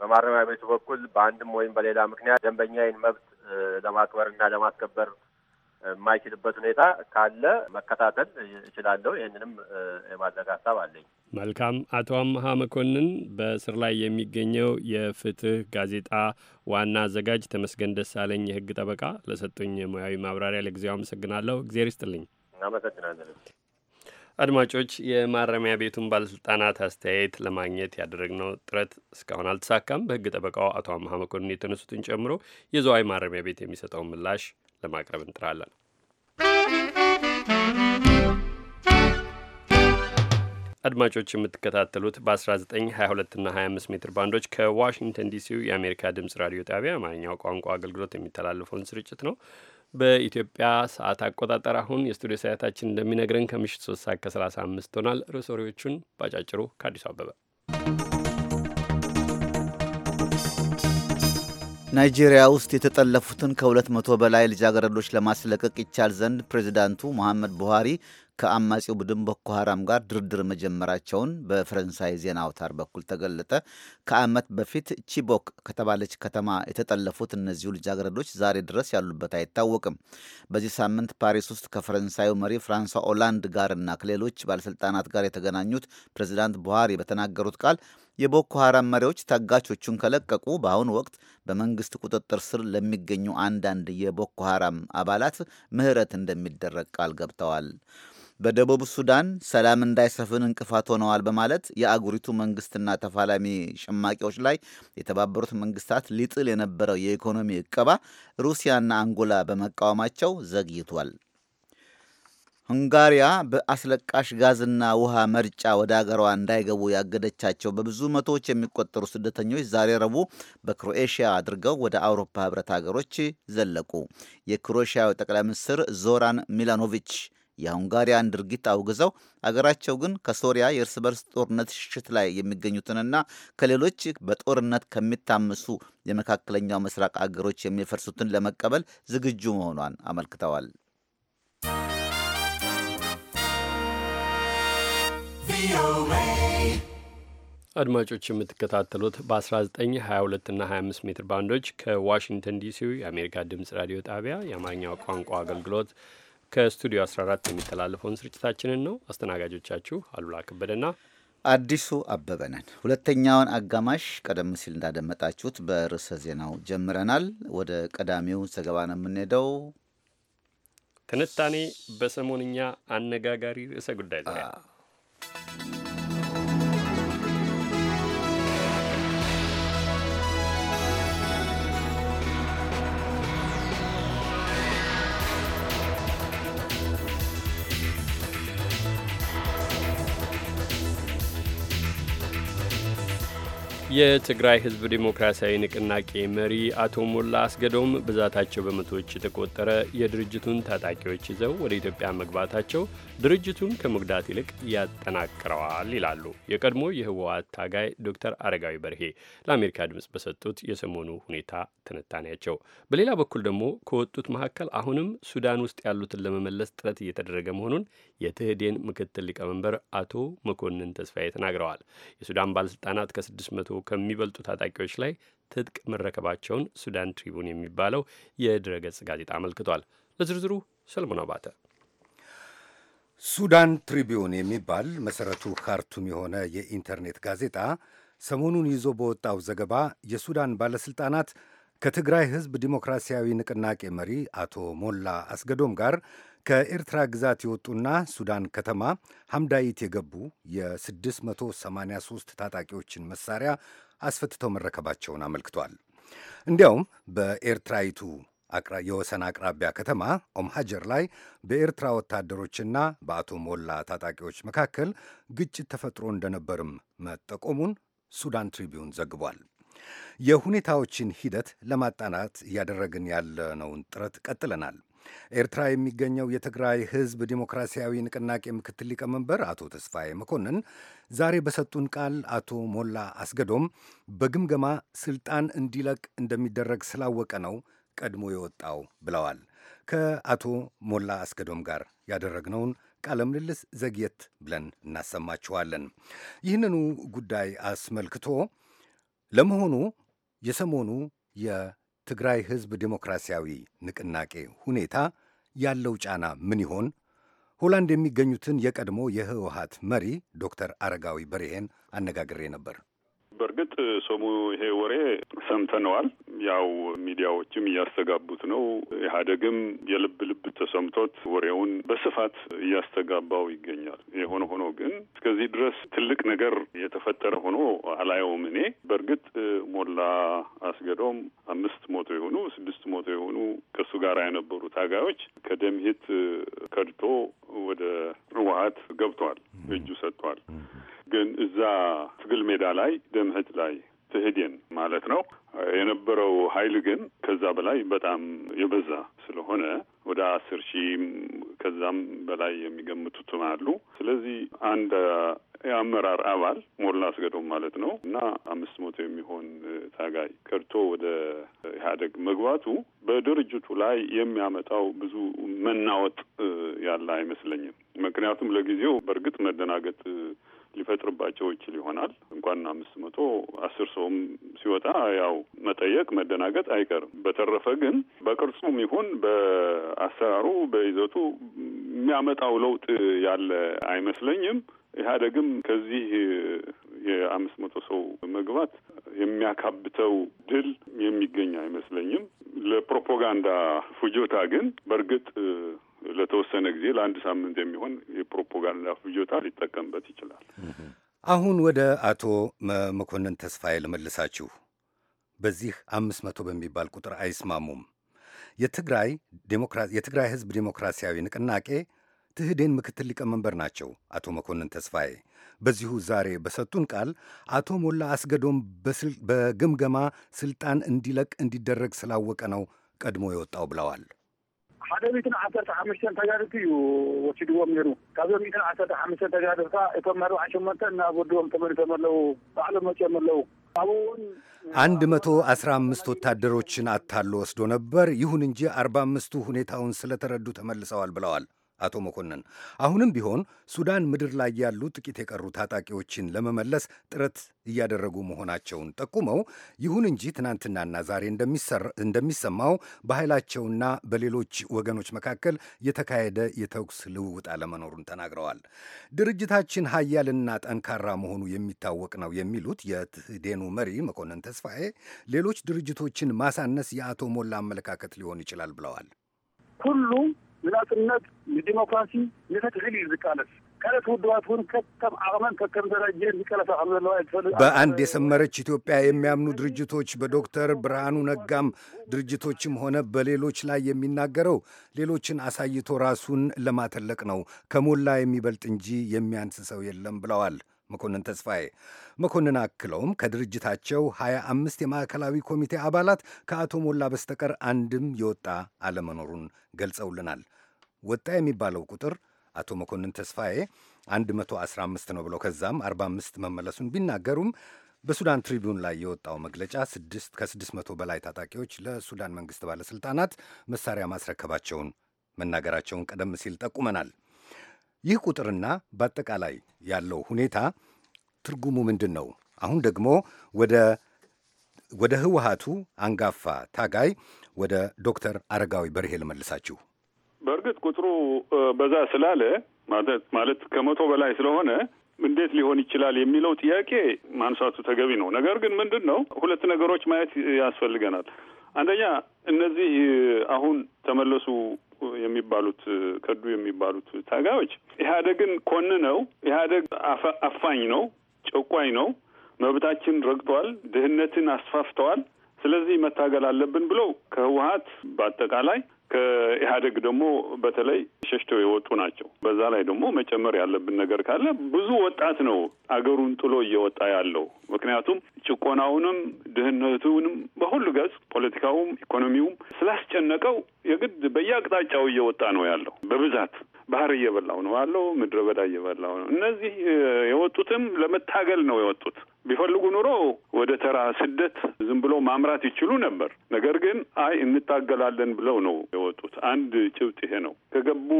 በማረሚያ ቤቱ በኩል በአንድም ወይም በሌላ ምክንያት ደንበኛዬን መብት ለማክበርና ለማስከበር የማይችልበት ሁኔታ ካለ መከታተል እችላለሁ። ይህንንም የማድረግ ሀሳብ አለኝ። መልካም። አቶ አመሀ መኮንን በስር ላይ የሚገኘው የፍትህ ጋዜጣ ዋና አዘጋጅ ተመስገን ደሳለኝ የህግ ጠበቃ፣ ለሰጡኝ ሙያዊ ማብራሪያ ለጊዜው አመሰግናለሁ። እግዜር ይስጥልኝ። አመሰግናለን። አድማጮች የማረሚያ ቤቱን ባለስልጣናት አስተያየት ለማግኘት ያደረግነው ጥረት እስካሁን አልተሳካም። በህግ ጠበቃው አቶ አምሀ መኮንን የተነሱትን ጨምሮ የዘዋይ ማረሚያ ቤት የሚሰጠውን ምላሽ ለማቅረብ እንጥራለን። አድማጮች የምትከታተሉት በ1922 እና 25 ሜትር ባንዶች ከዋሽንግተን ዲሲው የአሜሪካ ድምፅ ራዲዮ ጣቢያ አማርኛው ቋንቋ አገልግሎት የሚተላለፈውን ስርጭት ነው። በኢትዮጵያ ሰዓት አቆጣጠር አሁን የስቱዲዮ ሰዓታችን እንደሚነግረን ከምሽት ሶስት ሰዓት ከሰላሳ አምስት ሆናል። ርዕሰ ወሬዎቹን ባጫጭሩ ከአዲሱ አበበ። ናይጄሪያ ውስጥ የተጠለፉትን ከሁለት መቶ በላይ ልጃገረዶች ለማስለቀቅ ይቻል ዘንድ ፕሬዚዳንቱ መሐመድ ቡሃሪ ከአማጺው ቡድን ቦኮ ሀራም ጋር ድርድር መጀመራቸውን በፈረንሳይ ዜና አውታር በኩል ተገለጠ። ከዓመት በፊት ቺቦክ ከተባለች ከተማ የተጠለፉት እነዚሁ ልጃገረዶች ዛሬ ድረስ ያሉበት አይታወቅም። በዚህ ሳምንት ፓሪስ ውስጥ ከፈረንሳዩ መሪ ፍራንሷ ኦላንድ ጋርና ከሌሎች ባለስልጣናት ጋር የተገናኙት ፕሬዚዳንት ቡሃሪ በተናገሩት ቃል የቦኮ ሐራም መሪዎች ታጋቾቹን ከለቀቁ በአሁኑ ወቅት በመንግስት ቁጥጥር ስር ለሚገኙ አንዳንድ የቦኮ ሐራም አባላት ምህረት እንደሚደረግ ቃል ገብተዋል። በደቡብ ሱዳን ሰላም እንዳይሰፍን እንቅፋት ሆነዋል በማለት የአጉሪቱ መንግስትና ተፋላሚ ሸማቂዎች ላይ የተባበሩት መንግስታት ሊጥል የነበረው የኢኮኖሚ እቀባ ሩሲያና አንጎላ በመቃወማቸው ዘግይቷል። ሁንጋሪያ በአስለቃሽ ጋዝና ውሃ መርጫ ወደ አገሯ እንዳይገቡ ያገደቻቸው በብዙ መቶዎች የሚቆጠሩ ስደተኞች ዛሬ ረቡዕ በክሮኤሽያ አድርገው ወደ አውሮፓ ህብረት ሀገሮች ዘለቁ። የክሮኤሽያው ጠቅላይ ሚኒስትር ዞራን ሚላኖቪች የሁንጋሪያን ድርጊት አውግዘው አገራቸው ግን ከሶሪያ የእርስ በርስ ጦርነት ሽሽት ላይ የሚገኙትንና ከሌሎች በጦርነት ከሚታመሱ የመካከለኛው ምስራቅ አገሮች የሚፈርሱትን ለመቀበል ዝግጁ መሆኗን አመልክተዋል። አድማጮች የምትከታተሉት በ1922 እና 25 ሜትር ባንዶች ከዋሽንግተን ዲሲው የአሜሪካ ድምፅ ራዲዮ ጣቢያ የአማርኛው ቋንቋ አገልግሎት ከስቱዲዮ 14 የሚተላለፈውን ስርጭታችንን ነው። አስተናጋጆቻችሁ አሉላ ከበደና አዲሱ አበበ ነን። ሁለተኛውን አጋማሽ ቀደም ሲል እንዳደመጣችሁት በርዕሰ ዜናው ጀምረናል። ወደ ቀዳሚው ዘገባ ነው የምንሄደው። ትንታኔ በሰሞንኛ አነጋጋሪ ርዕሰ ጉዳይ ዙሪያ Música የትግራይ ህዝብ ዴሞክራሲያዊ ንቅናቄ መሪ አቶ ሞላ አስገዶም ብዛታቸው በመቶዎች የተቆጠረ የድርጅቱን ታጣቂዎች ይዘው ወደ ኢትዮጵያ መግባታቸው ድርጅቱን ከመጉዳት ይልቅ ያጠናክረዋል ይላሉ የቀድሞ የህወሓት ታጋይ ዶክተር አረጋዊ በርሄ ለአሜሪካ ድምፅ በሰጡት የሰሞኑ ሁኔታ ትንታኔያቸው። በሌላ በኩል ደግሞ ከወጡት መካከል አሁንም ሱዳን ውስጥ ያሉትን ለመመለስ ጥረት እየተደረገ መሆኑን የትህዴን ምክትል ሊቀመንበር አቶ መኮንን ተስፋዬ ተናግረዋል። የሱዳን ባለስልጣናት ከስድስት መቶ ከሚበልጡ ታጣቂዎች ላይ ትጥቅ መረከባቸውን ሱዳን ትሪቡን የሚባለው የድረገጽ ጋዜጣ አመልክቷል። ለዝርዝሩ ሰለሞን አባተ። ሱዳን ትሪቢዩን የሚባል መሠረቱ ካርቱም የሆነ የኢንተርኔት ጋዜጣ ሰሞኑን ይዞ በወጣው ዘገባ የሱዳን ባለሥልጣናት ከትግራይ ሕዝብ ዲሞክራሲያዊ ንቅናቄ መሪ አቶ ሞላ አስገዶም ጋር ከኤርትራ ግዛት የወጡና ሱዳን ከተማ ሐምዳይት የገቡ የ683 ታጣቂዎችን መሳሪያ አስፈትተው መረከባቸውን አመልክቷል። እንዲያውም በኤርትራይቱ የወሰን አቅራቢያ ከተማ ኦምሃጀር ላይ በኤርትራ ወታደሮችና በአቶ ሞላ ታጣቂዎች መካከል ግጭት ተፈጥሮ እንደነበርም መጠቆሙን ሱዳን ትሪቢዩን ዘግቧል። የሁኔታዎችን ሂደት ለማጣናት እያደረግን ያለነውን ጥረት ቀጥለናል። ኤርትራ የሚገኘው የትግራይ ህዝብ ዲሞክራሲያዊ ንቅናቄ ምክትል ሊቀመንበር አቶ ተስፋዬ መኮንን ዛሬ በሰጡን ቃል አቶ ሞላ አስገዶም በግምገማ ስልጣን እንዲለቅ እንደሚደረግ ስላወቀ ነው ቀድሞ የወጣው ብለዋል። ከአቶ ሞላ አስገዶም ጋር ያደረግነውን ቃለ ምልልስ ዘግየት ብለን እናሰማችኋለን። ይህንኑ ጉዳይ አስመልክቶ ለመሆኑ የሰሞኑ የ የትግራይ ሕዝብ ዴሞክራሲያዊ ንቅናቄ ሁኔታ ያለው ጫና ምን ይሆን? ሆላንድ የሚገኙትን የቀድሞ የህወሀት መሪ ዶክተር አረጋዊ በርሄን አነጋግሬ ነበር። በእርግጥ ሰሙ ይሄ ወሬ ሰምተነዋል። ያው ሚዲያዎችም እያስተጋቡት ነው። ኢህአዴግም የልብ ልብ ተሰምቶት ወሬውን በስፋት እያስተጋባው ይገኛል። የሆነ ሆኖ ግን እስከዚህ ድረስ ትልቅ ነገር የተፈጠረ ሆኖ አላየውም። እኔ በእርግጥ ሞላ አስገዶም አምስት ሞቶ የሆኑ ስድስት ሞቶ የሆኑ ከእሱ ጋር የነበሩ ታጋዮች ከደምሂት ከድቶ ወደ ህወሀት ገብተዋል፣ እጁ ሰጥተዋል። ግን እዛ ትግል ሜዳ ላይ ደምህት ላይ ትህድን ማለት ነው የነበረው ሀይል ግን ከዛ በላይ በጣም የበዛ ስለሆነ ወደ አስር ሺህም ከዛም በላይ የሚገምቱትም አሉ። ስለዚህ አንድ የአመራር አባል ሞላ አስገዶም ማለት ነው እና አምስት መቶ የሚሆን ታጋይ ከድቶ ወደ ኢህአደግ መግባቱ በድርጅቱ ላይ የሚያመጣው ብዙ መናወጥ ያለ አይመስለኝም። ምክንያቱም ለጊዜው በእርግጥ መደናገጥ ሊፈጥርባቸው ይችል ይሆናል። እንኳን አምስት መቶ አስር ሰውም ሲወጣ ያው መጠየቅ መደናገጥ አይቀርም። በተረፈ ግን በቅርጹም ይሁን በአሰራሩ በይዘቱ የሚያመጣው ለውጥ ያለ አይመስለኝም። ኢህአዴግም ከዚህ የአምስት መቶ ሰው መግባት የሚያካብተው ድል የሚገኝ አይመስለኝም። ለፕሮፓጋንዳ ፍጆታ ግን በእርግጥ ለተወሰነ ጊዜ ለአንድ ሳምንት የሚሆን የፕሮፓጋንዳ ፍጆታ ሊጠቀምበት ይችላል። አሁን ወደ አቶ መኮንን ተስፋዬ ልመልሳችሁ። በዚህ አምስት መቶ በሚባል ቁጥር አይስማሙም። የትግራይ ህዝብ ዴሞክራሲያዊ ንቅናቄ ትህዴን ምክትል ሊቀመንበር ናቸው አቶ መኮንን ተስፋዬ። በዚሁ ዛሬ በሰጡን ቃል አቶ ሞላ አስገዶም በግምገማ ስልጣን እንዲለቅ እንዲደረግ ስላወቀ ነው ቀድሞ የወጣው ብለዋል። ሓደ ሚትን ዓሰርተ ሓሙሽተን ተጋድልቲ እዩ ወሲድዎም ነይሩ ካብዞም ሚትን ዓሰርተ ሓሙሽተን ተጋድልካ እቶም መርባዕ ሸመንተ እናጎድቦም ወድቦም ኣለዉ ባዕሎም መፅኦም ኣለዉ ኣብኡ እውን አንድ መቶ አስራ አምስት ወታደሮችን አታሎ ወስዶ ነበር። ይሁን እንጂ አርባ አምስቱ ሁኔታውን ስለተረዱ ተመልሰዋል ብለዋል። አቶ መኮንን አሁንም ቢሆን ሱዳን ምድር ላይ ያሉ ጥቂት የቀሩ ታጣቂዎችን ለመመለስ ጥረት እያደረጉ መሆናቸውን ጠቁመው፣ ይሁን እንጂ ትናንትናና ዛሬ እንደሚሰማው በኃይላቸውና በሌሎች ወገኖች መካከል የተካሄደ የተኩስ ልውውጥ አለመኖሩን ተናግረዋል። ድርጅታችን ሀያልና ጠንካራ መሆኑ የሚታወቅ ነው የሚሉት የትህዴኑ መሪ መኮንን ተስፋዬ ሌሎች ድርጅቶችን ማሳነስ የአቶ ሞላ አመለካከት ሊሆን ይችላል ብለዋል። ሁሉም ንናጽነት፣ ንዲሞክራሲ ንፍትሕን እዩ ዝቃለስ ካልኦት ውድባት እውን ከከም ዓቕመን ከከም ደረጀን ዝቀለሳ ከም ዘለዋ ይትፈልጥ በአንድ የሰመረች ኢትዮጵያ የሚያምኑ ድርጅቶች በዶክተር ብርሃኑ ነጋም ድርጅቶችም ሆነ በሌሎች ላይ የሚናገረው ሌሎችን አሳይቶ ራሱን ለማተለቅ ነው። ከሞላ የሚበልጥ እንጂ የሚያንስ ሰው የለም ብለዋል መኮንን ተስፋዬ። መኮንን አክለውም ከድርጅታቸው 25 የማዕከላዊ ኮሚቴ አባላት ከአቶ ሞላ በስተቀር አንድም የወጣ አለመኖሩን ገልጸውልናል። ወጣ የሚባለው ቁጥር አቶ መኮንን ተስፋዬ 115 ነው ብለው ከዛም 45 መመለሱን ቢናገሩም በሱዳን ትሪቢዩን ላይ የወጣው መግለጫ ከስድስት መቶ በላይ ታጣቂዎች ለሱዳን መንግስት ባለሥልጣናት መሳሪያ ማስረከባቸውን መናገራቸውን ቀደም ሲል ጠቁመናል። ይህ ቁጥርና በአጠቃላይ ያለው ሁኔታ ትርጉሙ ምንድን ነው? አሁን ደግሞ ወደ ወደ ህወሀቱ አንጋፋ ታጋይ ወደ ዶክተር አረጋዊ በርሄ ልመልሳችሁ። በእርግጥ ቁጥሩ በዛ ስላለ ማለት ማለት ከመቶ በላይ ስለሆነ እንዴት ሊሆን ይችላል የሚለው ጥያቄ ማንሳቱ ተገቢ ነው። ነገር ግን ምንድን ነው ሁለት ነገሮች ማየት ያስፈልገናል። አንደኛ እነዚህ አሁን ተመለሱ የሚባሉት ከዱ የሚባሉት ታጋዮች ኮን ነው ኢህአደግ አፋኝ ነው፣ ጨቋኝ ነው፣ መብታችን ረግጠዋል፣ ድህነትን አስፋፍተዋል፣ ስለዚህ መታገል አለብን ብለው ከህወሀት በአጠቃላይ ከኢህአደግ ደግሞ በተለይ ሸሽተው የወጡ ናቸው። በዛ ላይ ደግሞ መጨመር ያለብን ነገር ካለ ብዙ ወጣት ነው አገሩን ጥሎ እየወጣ ያለው። ምክንያቱም ጭቆናውንም ድህነቱንም በሁሉ ገጽ ፖለቲካውም ኢኮኖሚውም ስላስጨነቀው የግድ በየአቅጣጫው እየወጣ ነው ያለው በብዛት ባህር እየበላው ነው ያለው። ምድረ በዳ እየበላው ነው። እነዚህ የወጡትም ለመታገል ነው የወጡት። ቢፈልጉ ኑሮ ወደ ተራ ስደት ዝም ብሎ ማምራት ይችሉ ነበር። ነገር ግን አይ እንታገላለን ብለው ነው የወጡት። አንድ ጭብጥ ይሄ ነው። ከገቡ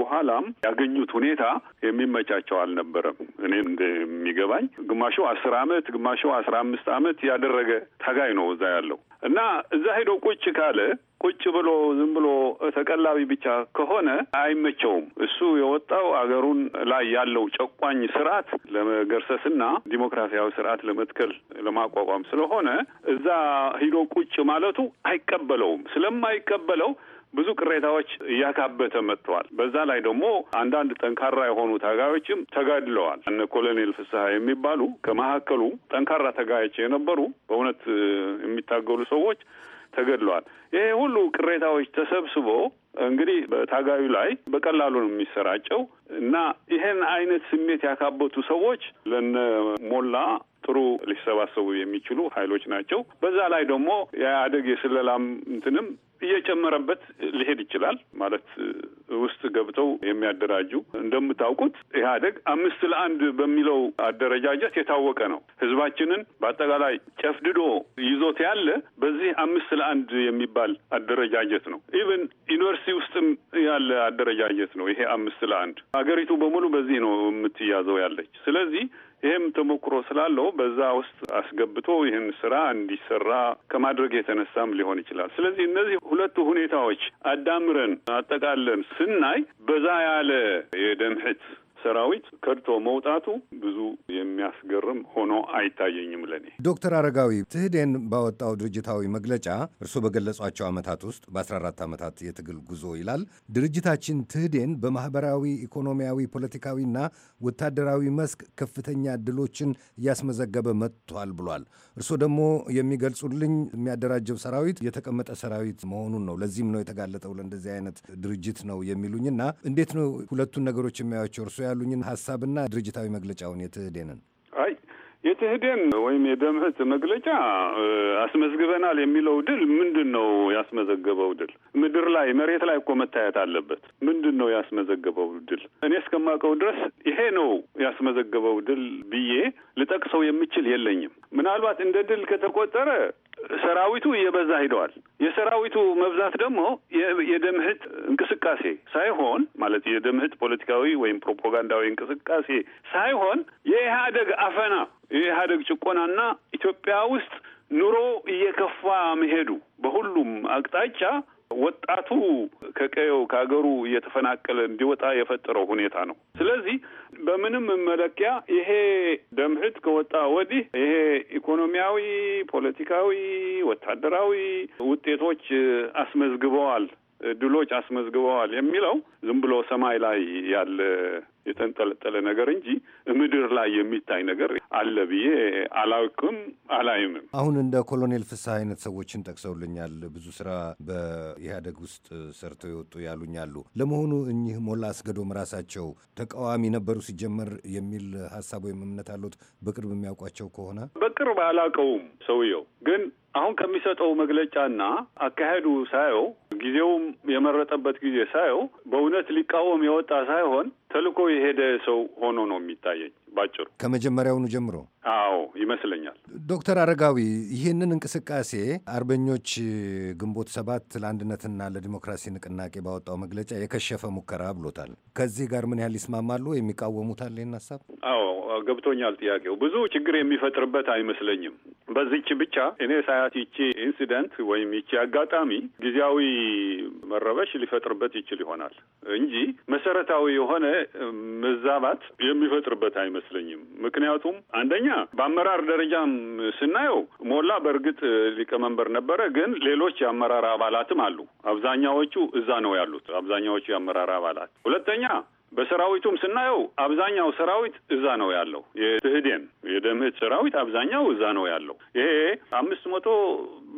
በኋላም ያገኙት ሁኔታ የሚመቻቸው አልነበረም። እኔ እንደሚገባኝ ግማሹ አስር አመት፣ ግማሹ አስራ አምስት አመት ያደረገ ታጋይ ነው እዛ ያለው እና እዛ ሄዶ ቁጭ ካለ ቁጭ ብሎ ዝም ብሎ ተቀላቢ ብቻ ከሆነ አይመቸውም። እሱ የወጣው አገሩን ላይ ያለው ጨቋኝ ስርዓት ለመገርሰስና ዲሞክራሲያዊ ስርዓት ለመትከል ለማቋቋም ስለሆነ እዛ ሂዶ ቁጭ ማለቱ አይቀበለውም። ስለማይቀበለው ብዙ ቅሬታዎች እያካበተ መጥተዋል። በዛ ላይ ደግሞ አንዳንድ ጠንካራ የሆኑ ታጋዮችም ተጋድለዋል። እነ ኮሎኔል ፍስሀ የሚባሉ ከመካከሉ ጠንካራ ተጋዮች የነበሩ በእውነት የሚታገሉ ሰዎች ተገድለዋል። ይሄ ሁሉ ቅሬታዎች ተሰብስቦ እንግዲህ በታጋዩ ላይ በቀላሉ ነው የሚሰራጨው እና ይሄን አይነት ስሜት ያካበቱ ሰዎች ለነ ሞላ ጥሩ ሊሰባሰቡ የሚችሉ ኃይሎች ናቸው። በዛ ላይ ደግሞ የአደግ የስለላ። እንትንም እየጨመረበት ሊሄድ ይችላል። ማለት ውስጥ ገብተው የሚያደራጁ እንደምታውቁት ኢህአደግ አምስት ለአንድ በሚለው አደረጃጀት የታወቀ ነው። ህዝባችንን በአጠቃላይ ጨፍድዶ ይዞት ያለ በዚህ አምስት ለአንድ የሚባል አደረጃጀት ነው። ኢቨን ዩኒቨርሲቲ ውስጥም ያለ አደረጃጀት ነው ይሄ አምስት ለአንድ። ሀገሪቱ በሙሉ በዚህ ነው የምትያዘው ያለች። ስለዚህ ይህም ተሞክሮ ስላለው በዛ ውስጥ አስገብቶ ይህን ስራ እንዲሰራ ከማድረግ የተነሳም ሊሆን ይችላል። ስለዚህ እነዚህ ሁለቱ ሁኔታዎች አዳምረን አጠቃለን ስናይ በዛ ያለ የደም ሰራዊት ከድቶ መውጣቱ ብዙ የሚያስገርም ሆኖ አይታየኝም ለኔ። ዶክተር አረጋዊ ትህዴን ባወጣው ድርጅታዊ መግለጫ እርስዎ በገለጿቸው ዓመታት ውስጥ በ14 ዓመታት የትግል ጉዞ ይላል ድርጅታችን ትህዴን በማህበራዊ ኢኮኖሚያዊ፣ ፖለቲካዊና ወታደራዊ መስክ ከፍተኛ ድሎችን እያስመዘገበ መጥቷል ብሏል። እርስዎ ደግሞ የሚገልጹልኝ የሚያደራጀው ሰራዊት የተቀመጠ ሰራዊት መሆኑን ነው። ለዚህም ነው የተጋለጠው ለእንደዚህ አይነት ድርጅት ነው የሚሉኝና እንዴት ነው ሁለቱን ነገሮች የሚያዩቸው እርስዎ ያሉኝን ሀሳብና ድርጅታዊ መግለጫውን የትህዴንን አይ የትህደን ወይም የደምህት መግለጫ አስመዝግበናል የሚለው ድል ምንድን ነው ያስመዘገበው ድል? ምድር ላይ መሬት ላይ እኮ መታየት አለበት። ምንድን ነው ያስመዘገበው ድል? እኔ እስከማውቀው ድረስ ይሄ ነው ያስመዘገበው ድል ብዬ ልጠቅሰው የምችል የለኝም። ምናልባት እንደ ድል ከተቆጠረ ሰራዊቱ እየበዛ ሂደዋል። የሰራዊቱ መብዛት ደግሞ የደምህት እንቅስቃሴ ሳይሆን ማለት የደምህት ፖለቲካዊ ወይም ፕሮፓጋንዳዊ እንቅስቃሴ ሳይሆን የኢህአደግ አፈና የኢህአደግ ጭቆናና ኢትዮጵያ ውስጥ ኑሮ እየከፋ መሄዱ በሁሉም አቅጣጫ ወጣቱ ከቀየው ከሀገሩ እየተፈናቀለ እንዲወጣ የፈጠረው ሁኔታ ነው። ስለዚህ በምንም መለኪያ ይሄ ደምህት ከወጣ ወዲህ ይሄ ኢኮኖሚያዊ፣ ፖለቲካዊ፣ ወታደራዊ ውጤቶች አስመዝግበዋል፣ ድሎች አስመዝግበዋል የሚለው ዝም ብሎ ሰማይ ላይ ያለ የተንጠለጠለ ነገር እንጂ ምድር ላይ የሚታይ ነገር አለ ብዬ አላውቅም አላይምም። አሁን እንደ ኮሎኔል ፍስሐ አይነት ሰዎችን ጠቅሰውልኛል። ብዙ ስራ በኢህአደግ ውስጥ ሰርተው የወጡ ያሉኛሉ። ለመሆኑ እኚህ ሞላ አስገዶም ራሳቸው ተቃዋሚ ነበሩ ሲጀመር የሚል ሀሳብ ወይም እምነት አሉት? በቅርብ የሚያውቋቸው ከሆነ በቅርብ አላውቀውም። ሰውየው ግን አሁን ከሚሰጠው መግለጫና አካሄዱ ሳየው ጊዜውም የመረጠበት ጊዜ ሳየው በእውነት ሊቃወም የወጣ ሳይሆን ተልኮ የሄደ ሰው ሆኖ ነው የሚታየኝ። ባጭሩ ከመጀመሪያውኑ ጀምሮ። አዎ ይመስለኛል። ዶክተር አረጋዊ ይህንን እንቅስቃሴ አርበኞች ግንቦት ሰባት ለአንድነትና ለዲሞክራሲ ንቅናቄ ባወጣው መግለጫ የከሸፈ ሙከራ ብሎታል። ከዚህ ጋር ምን ያህል ይስማማሉ? ይቃወሙታል? ይህን ሀሳብ? አዎ ገብቶኛል። ጥያቄው ብዙ ችግር የሚፈጥርበት አይመስለኝም። በዚች ብቻ እኔ ሳያት ይቺ ኢንሲደንት ወይም ይቺ አጋጣሚ ጊዜያዊ መረበሽ ሊፈጥርበት ይችል ይሆናል እንጂ መሰረታዊ የሆነ መዛባት የሚፈጥርበት አይመስለኝም። አይመስለኝም። ምክንያቱም አንደኛ በአመራር ደረጃም ስናየው ሞላ በእርግጥ ሊቀመንበር ነበረ፣ ግን ሌሎች የአመራር አባላትም አሉ። አብዛኛዎቹ እዛ ነው ያሉት፣ አብዛኛዎቹ የአመራር አባላት። ሁለተኛ በሰራዊቱም ስናየው አብዛኛው ሰራዊት እዛ ነው ያለው። የትህዴን የደምህት ሰራዊት አብዛኛው እዛ ነው ያለው። ይሄ አምስት መቶ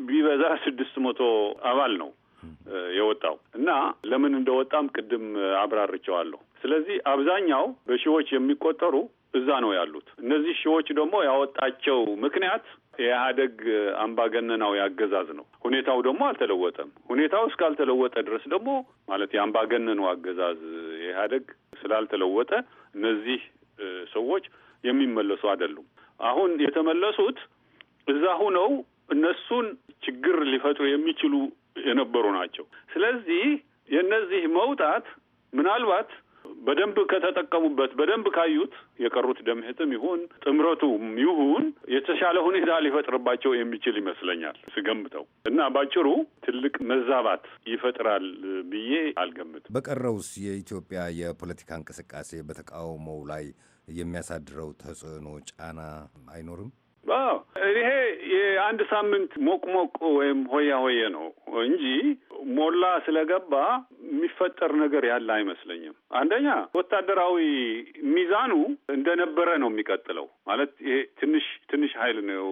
ቢበዛ ስድስት መቶ አባል ነው የወጣው እና ለምን እንደወጣም ቅድም አብራርቸዋለሁ። ስለዚህ አብዛኛው በሺዎች የሚቆጠሩ እዛ ነው ያሉት። እነዚህ ሺዎች ደግሞ ያወጣቸው ምክንያት የኢህአደግ አምባገነናዊ አገዛዝ ነው። ሁኔታው ደግሞ አልተለወጠም። ሁኔታው እስካልተለወጠ ድረስ ደግሞ ማለት የአምባገነኑ አገዛዝ የኢህአደግ ስላልተለወጠ እነዚህ ሰዎች የሚመለሱ አይደሉም። አሁን የተመለሱት እዛ ሁነው እነሱን ችግር ሊፈጥሩ የሚችሉ የነበሩ ናቸው። ስለዚህ የእነዚህ መውጣት ምናልባት በደንብ ከተጠቀሙበት በደንብ ካዩት የቀሩት ደምህትም ይሁን ጥምረቱም ይሁን የተሻለ ሁኔታ ሊፈጥርባቸው የሚችል ይመስለኛል ስገምተው እና ባጭሩ ትልቅ መዛባት ይፈጥራል ብዬ አልገምትም። በቀረውስ የኢትዮጵያ የፖለቲካ እንቅስቃሴ በተቃውሞው ላይ የሚያሳድረው ተጽዕኖ ጫና አይኖርም? ይሄ የአንድ ሳምንት ሞቅ ሞቅ ወይም ሆያ ሆየ ነው እንጂ ሞላ ስለገባ የሚፈጠር ነገር ያለ አይመስለኝም። አንደኛ ወታደራዊ ሚዛኑ እንደነበረ ነው የሚቀጥለው። ማለት ይሄ ትንሽ ትንሽ ኃይል ነው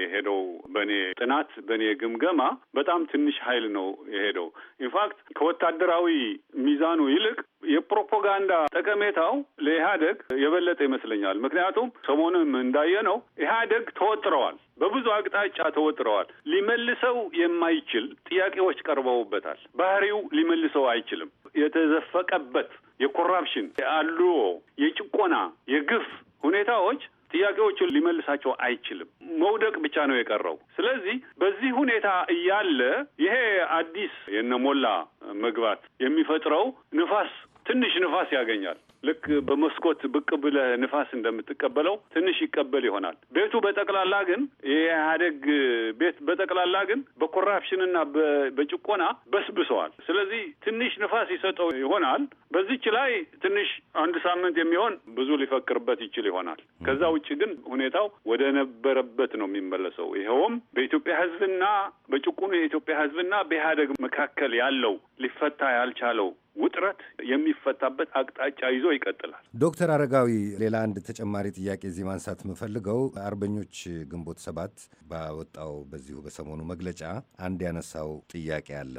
የሄደው። በእኔ ጥናት፣ በእኔ ግምገማ በጣም ትንሽ ኃይል ነው የሄደው። ኢንፋክት ከወታደራዊ ሚዛኑ ይልቅ የፕሮፓጋንዳ ጠቀሜታው ለኢህአደግ የበለጠ ይመስለኛል። ምክንያቱም ሰሞኑንም ነው ኢህአደግ ተወጥረዋል፣ በብዙ አቅጣጫ ተወጥረዋል። ሊመልሰው የማይችል ጥያቄዎች ቀርበውበታል። ባህሪው ሊመልሰው አይችልም። የተዘፈቀበት የኮራፕሽን፣ የአድልዎ፣ የጭቆና፣ የግፍ ሁኔታዎች ጥያቄዎቹን ሊመልሳቸው አይችልም። መውደቅ ብቻ ነው የቀረው። ስለዚህ በዚህ ሁኔታ እያለ ይሄ አዲስ የነሞላ መግባት የሚፈጥረው ንፋስ ትንሽ ንፋስ ያገኛል። ልክ በመስኮት ብቅ ብለህ ንፋስ እንደምትቀበለው ትንሽ ይቀበል ይሆናል። ቤቱ በጠቅላላ ግን የኢህአዴግ ቤት በጠቅላላ ግን በኮራፕሽንና በጭቆና በስብሰዋል። ስለዚህ ትንሽ ንፋስ ይሰጠው ይሆናል። በዚች ላይ ትንሽ አንድ ሳምንት የሚሆን ብዙ ሊፈክርበት ይችል ይሆናል። ከዛ ውጭ ግን ሁኔታው ወደ ነበረበት ነው የሚመለሰው። ይኸውም በኢትዮጵያ ህዝብና በጭቁኑ የኢትዮጵያ ህዝብና በኢህአዴግ መካከል ያለው ሊፈታ ያልቻለው ውጥረት የሚፈታበት አቅጣጫ ይዞ ይቀጥላል። ዶክተር አረጋዊ ሌላ አንድ ተጨማሪ ጥያቄ እዚህ ማንሳት የምፈልገው አርበኞች ግንቦት ሰባት ባወጣው በዚሁ በሰሞኑ መግለጫ አንድ ያነሳው ጥያቄ አለ።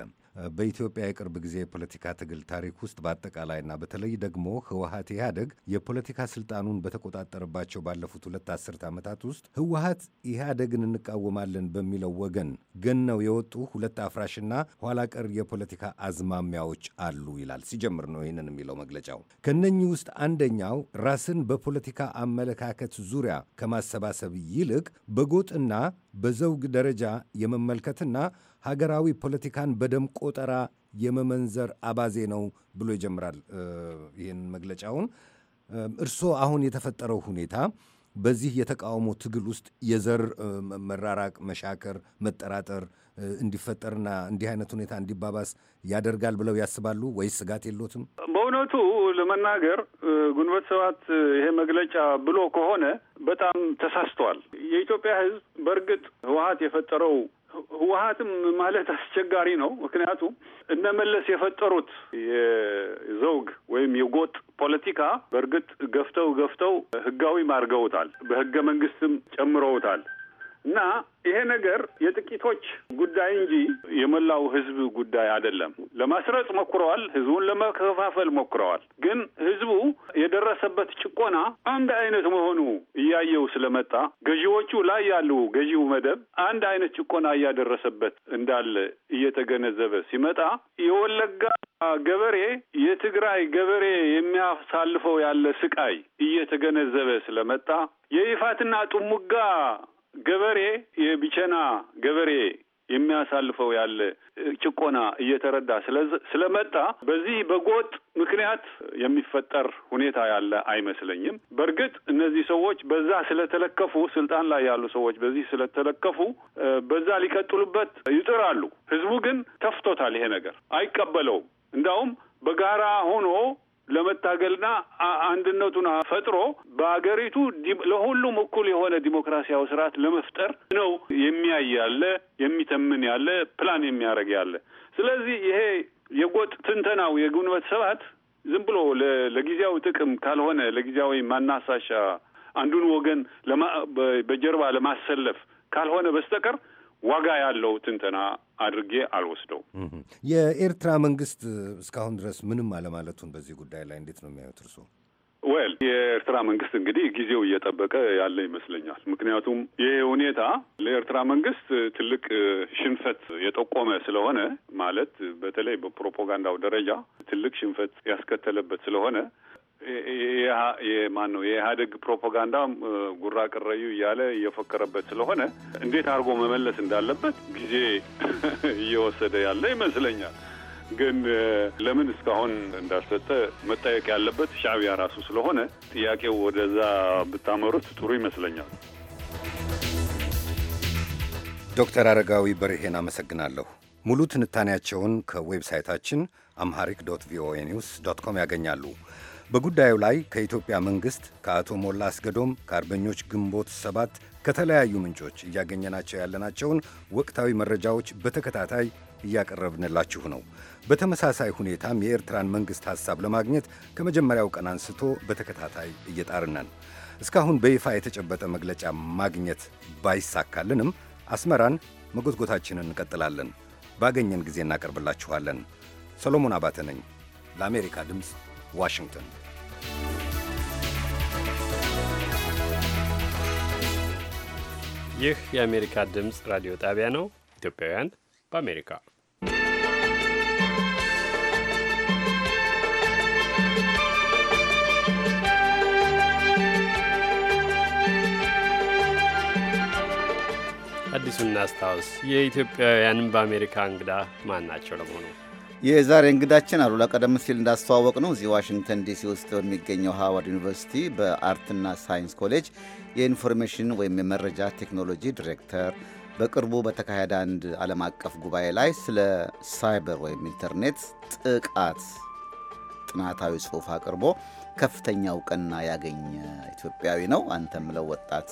በኢትዮጵያ የቅርብ ጊዜ የፖለቲካ ትግል ታሪክ ውስጥ በአጠቃላይና በተለይ ደግሞ ህወሀት ኢህአደግ የፖለቲካ ስልጣኑን በተቆጣጠረባቸው ባለፉት ሁለት አስርት ዓመታት ውስጥ ህወሀት ኢህአደግን እንቃወማለን በሚለው ወገን ገነው የወጡ ሁለት አፍራሽና ኋላ ቀር የፖለቲካ አዝማሚያዎች አሉ ይላል ሲጀምር ነው ይህንን የሚለው መግለጫው። ከነኚህ ውስጥ አንደኛው ራስን በፖለቲካ አመለካከት ዙሪያ ከማሰባሰብ ይልቅ በጎጥና በዘውግ ደረጃ የመመልከትና ሀገራዊ ፖለቲካን በደም ቆጠራ የመመንዘር አባዜ ነው ብሎ ይጀምራል ይህን መግለጫውን። እርስዎ አሁን የተፈጠረው ሁኔታ በዚህ የተቃውሞ ትግል ውስጥ የዘር መራራቅ፣ መሻከር፣ መጠራጠር እንዲፈጠርና እንዲህ አይነት ሁኔታ እንዲባባስ ያደርጋል ብለው ያስባሉ ወይስ ስጋት የሎትም? በእውነቱ ለመናገር ግንቦት ሰባት ይሄ መግለጫ ብሎ ከሆነ በጣም ተሳስተዋል። የኢትዮጵያ ሕዝብ በእርግጥ ህወሀት የፈጠረው ህወሀትም ማለት አስቸጋሪ ነው። ምክንያቱም እነ መለስ የፈጠሩት የዘውግ ወይም የጎጥ ፖለቲካ በእርግጥ ገፍተው ገፍተው ህጋዊም አድርገውታል፣ በህገ መንግስትም ጨምረውታል። እና ይሄ ነገር የጥቂቶች ጉዳይ እንጂ የመላው ህዝብ ጉዳይ አይደለም። ለማስረጽ ሞክረዋል። ህዝቡን ለመከፋፈል ሞክረዋል። ግን ህዝቡ የደረሰበት ጭቆና አንድ አይነት መሆኑ እያየው ስለመጣ ገዢዎቹ ላይ ያሉ ገዢው መደብ አንድ አይነት ጭቆና እያደረሰበት እንዳለ እየተገነዘበ ሲመጣ የወለጋ ገበሬ የትግራይ ገበሬ የሚያሳልፈው ያለ ስቃይ እየተገነዘበ ስለመጣ የይፋትና ጥሙጋ ገበሬ የቢቸና ገበሬ የሚያሳልፈው ያለ ጭቆና እየተረዳ ስለመጣ በዚህ በጎጥ ምክንያት የሚፈጠር ሁኔታ ያለ አይመስለኝም። በእርግጥ እነዚህ ሰዎች በዛ ስለተለከፉ፣ ስልጣን ላይ ያሉ ሰዎች በዚህ ስለተለከፉ በዛ ሊቀጥሉበት ይጥራሉ። ህዝቡ ግን ተፍቶታል። ይሄ ነገር አይቀበለውም። እንዳውም በጋራ ሆኖ ለመታገልና አንድነቱን ፈጥሮ በሀገሪቱ ለሁሉም እኩል የሆነ ዲሞክራሲያዊ ስርዓት ለመፍጠር ነው የሚያይ ያለ የሚተምን ያለ ፕላን የሚያደርግ ያለ። ስለዚህ ይሄ የጎጥ ትንተናው የግንቦት ሰባት ዝም ብሎ ለጊዜያዊ ጥቅም ካልሆነ ለጊዜያዊ ማናሳሻ አንዱን ወገን በጀርባ ለማሰለፍ ካልሆነ በስተቀር ዋጋ ያለው ትንተና አድርጌ አልወስደው የኤርትራ መንግስት እስካሁን ድረስ ምንም አለማለቱን በዚህ ጉዳይ ላይ እንዴት ነው የሚያዩት እርስዎ? ወል የኤርትራ መንግስት እንግዲህ ጊዜው እየጠበቀ ያለ ይመስለኛል። ምክንያቱም ይህ ሁኔታ ለኤርትራ መንግስት ትልቅ ሽንፈት የጠቆመ ስለሆነ ማለት በተለይ በፕሮፓጋንዳው ደረጃ ትልቅ ሽንፈት ያስከተለበት ስለሆነ ማን ነው የኢህአዴግ ፕሮፓጋንዳ ጉራ ቅረዩ እያለ እየፎከረበት ስለሆነ እንዴት አድርጎ መመለስ እንዳለበት ጊዜ እየወሰደ ያለ ይመስለኛል። ግን ለምን እስካሁን እንዳልሰጠ መጠየቅ ያለበት ሻዕቢያ ራሱ ስለሆነ ጥያቄው ወደዛ ብታመሩት ጥሩ ይመስለኛል። ዶክተር አረጋዊ በርሄን አመሰግናለሁ። ሙሉ ትንታኔያቸውን ከዌብሳይታችን አምሃሪክ ዶት ቪኦኤ ኒውስ ዶት ኮም ያገኛሉ። በጉዳዩ ላይ ከኢትዮጵያ መንግሥት ከአቶ ሞላ አስገዶም ከአርበኞች ግንቦት ሰባት ከተለያዩ ምንጮች እያገኘናቸው ያለናቸውን ወቅታዊ መረጃዎች በተከታታይ እያቀረብንላችሁ ነው። በተመሳሳይ ሁኔታም የኤርትራን መንግሥት ሐሳብ ለማግኘት ከመጀመሪያው ቀን አንስቶ በተከታታይ እየጣርነን እስካሁን በይፋ የተጨበጠ መግለጫ ማግኘት ባይሳካልንም አስመራን መጎትጎታችንን እንቀጥላለን። ባገኘን ጊዜ እናቀርብላችኋለን። ሰሎሞን አባተ ነኝ ለአሜሪካ ድምፅ ዋሽንግተን ይህ የአሜሪካ ድምፅ ራዲዮ ጣቢያ ነው። ኢትዮጵያውያን በአሜሪካ አዲሱና አስታውስ የኢትዮጵያውያንም በአሜሪካ እንግዳ ማን ናቸው ለመሆኑ? የዛሬ እንግዳችን አሉላ ቀደም ሲል እንዳስተዋወቅ ነው እዚህ ዋሽንግተን ዲሲ ውስጥ በሚገኘው ሃዋርድ ዩኒቨርሲቲ በአርትና ሳይንስ ኮሌጅ የኢንፎርሜሽን ወይም የመረጃ ቴክኖሎጂ ዲሬክተር፣ በቅርቡ በተካሄደ አንድ ዓለም አቀፍ ጉባኤ ላይ ስለ ሳይበር ወይም ኢንተርኔት ጥቃት ጥናታዊ ጽሑፍ አቅርቦ ከፍተኛ እውቅና ያገኘ ኢትዮጵያዊ ነው። አንተምለው ወጣት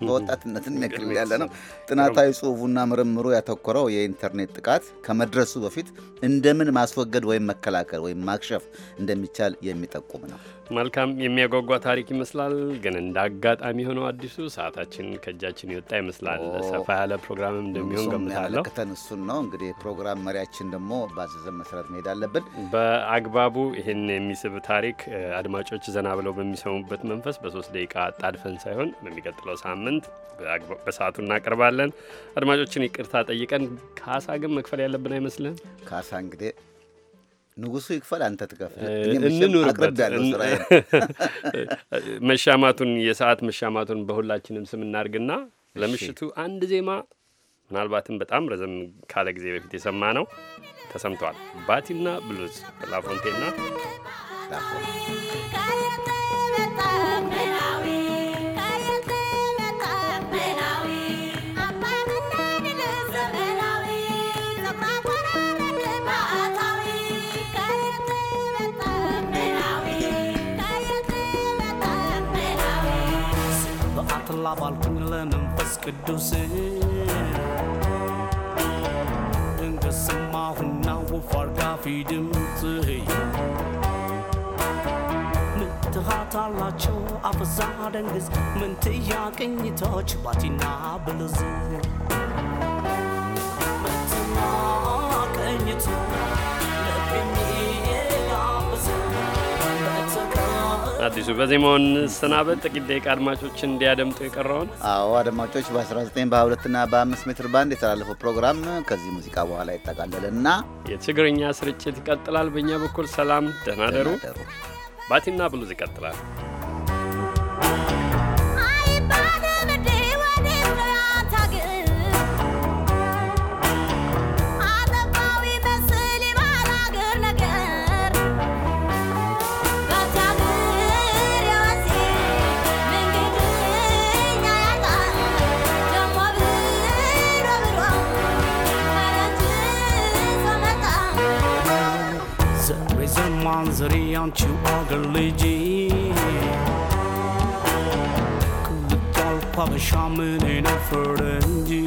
በወጣትነትን ያክል ያለ ነው። ጥናታዊ ጽሁፉና ምርምሩ ያተኮረው የኢንተርኔት ጥቃት ከመድረሱ በፊት እንደምን ማስወገድ ወይም መከላከል ወይም ማክሸፍ እንደሚቻል የሚጠቁም ነው። መልካም የሚያጓጓ ታሪክ ይመስላል። ግን እንደ አጋጣሚ የሆነው አዲሱ ሰዓታችን ከእጃችን የወጣ ይመስላል። ሰፋ ያለ ፕሮግራምም እንደሚሆን ገምታለሁ። ከተን እሱን ነው እንግዲህ ፕሮግራም መሪያችን ደግሞ ባዘዘን መሰረት መሄድ አለብን። በአግባቡ ይህን የሚስብ ታሪክ አድማጮች ዘና ብለው በሚሰሙበት መንፈስ በሶስት ደቂቃ ጣድፈን ሳይሆን በሚቀጥለው ሳምንት በሰዓቱ እናቀርባለን። አድማጮችን ይቅርታ ጠይቀን ካሳ ግን መክፈል ያለብን አይመስልን። ካሳ እንግዲህ ንጉሱ ይክፈል፣ አንተ ትከፍል። መሻማቱን የሰዓት መሻማቱን በሁላችንም ስም እናርግና ለምሽቱ አንድ ዜማ ምናልባትም በጣም ረዘም ካለ ጊዜ በፊት የሰማ ነው ተሰምቷል። ባቲና ብሉዝ ላፎንቴና ተባባልኩኝ ለመንፈስ ቅዱስ ድንገት ሰማሁና ወፍ አርጋ ፊድምት ምትሃት አላቸው አበዛ ደንግዝ ምንትያ ቅኝቶች ባቲና ብልዝ ምትና አዲሱ በዚህ መሆን ሰናበት ጥቂት ደቂቃ አድማጮች እንዲያደምጡ የቀረውን። አዎ አድማጮች በ19 በ22ና በ5 ሜትር ባንድ የተላለፈው ፕሮግራም ከዚህ ሙዚቃ በኋላ ይጠቃለል ና የትግርኛ ስርጭት ይቀጥላል። በእኛ በኩል ሰላም፣ ደህና ደሩ። ባቲና ብሉዝ ይቀጥላል። someone's reaching to other legion. Could talk of a shaman in a ferengi.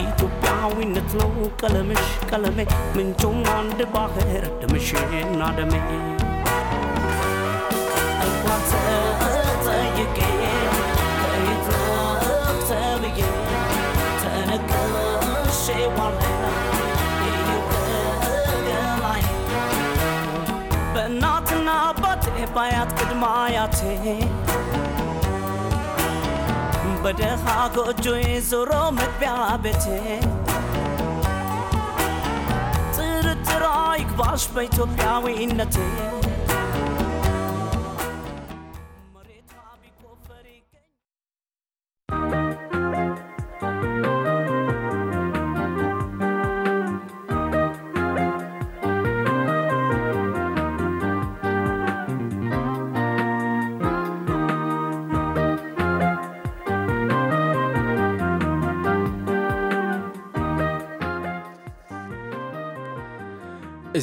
Eat up now in the low calamish calame, minchung on the bahir, the machine, not a ማያቴ በደኻ ጎጆ ዞሮ መግቢያ ቤቴ ጥርጥር አይግባሽ በኢትዮጵያዊነቴ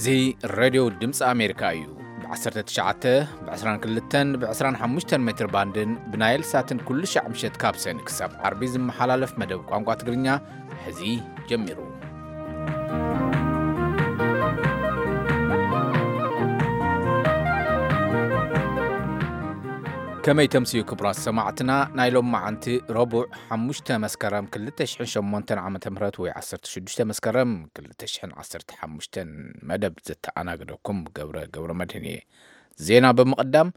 እዚ ሬድዮ ድምፂ ኣሜሪካ እዩ ብ19 ብ22 ብ25 ሜትር ባንድን ብናይል ሳትን ኩሉ ሻዕ ምሸት ካብ ሰኒ ክሳብ ዓርቢ ዝመሓላለፍ መደብ ቋንቋ ትግርኛ ሕዚ ጀሚሩ ከመይ ተምሲኡ ክቡራት ሰማዕትና ናይ ሎምማዓንቲ ረቡዕ 5 መስከረም 28 ዓም ወይ 16 መስከረም 215 መደብ ዘተኣናግደኩም ገብረ ገብረ መድህን እየ ዜና ብምቕዳም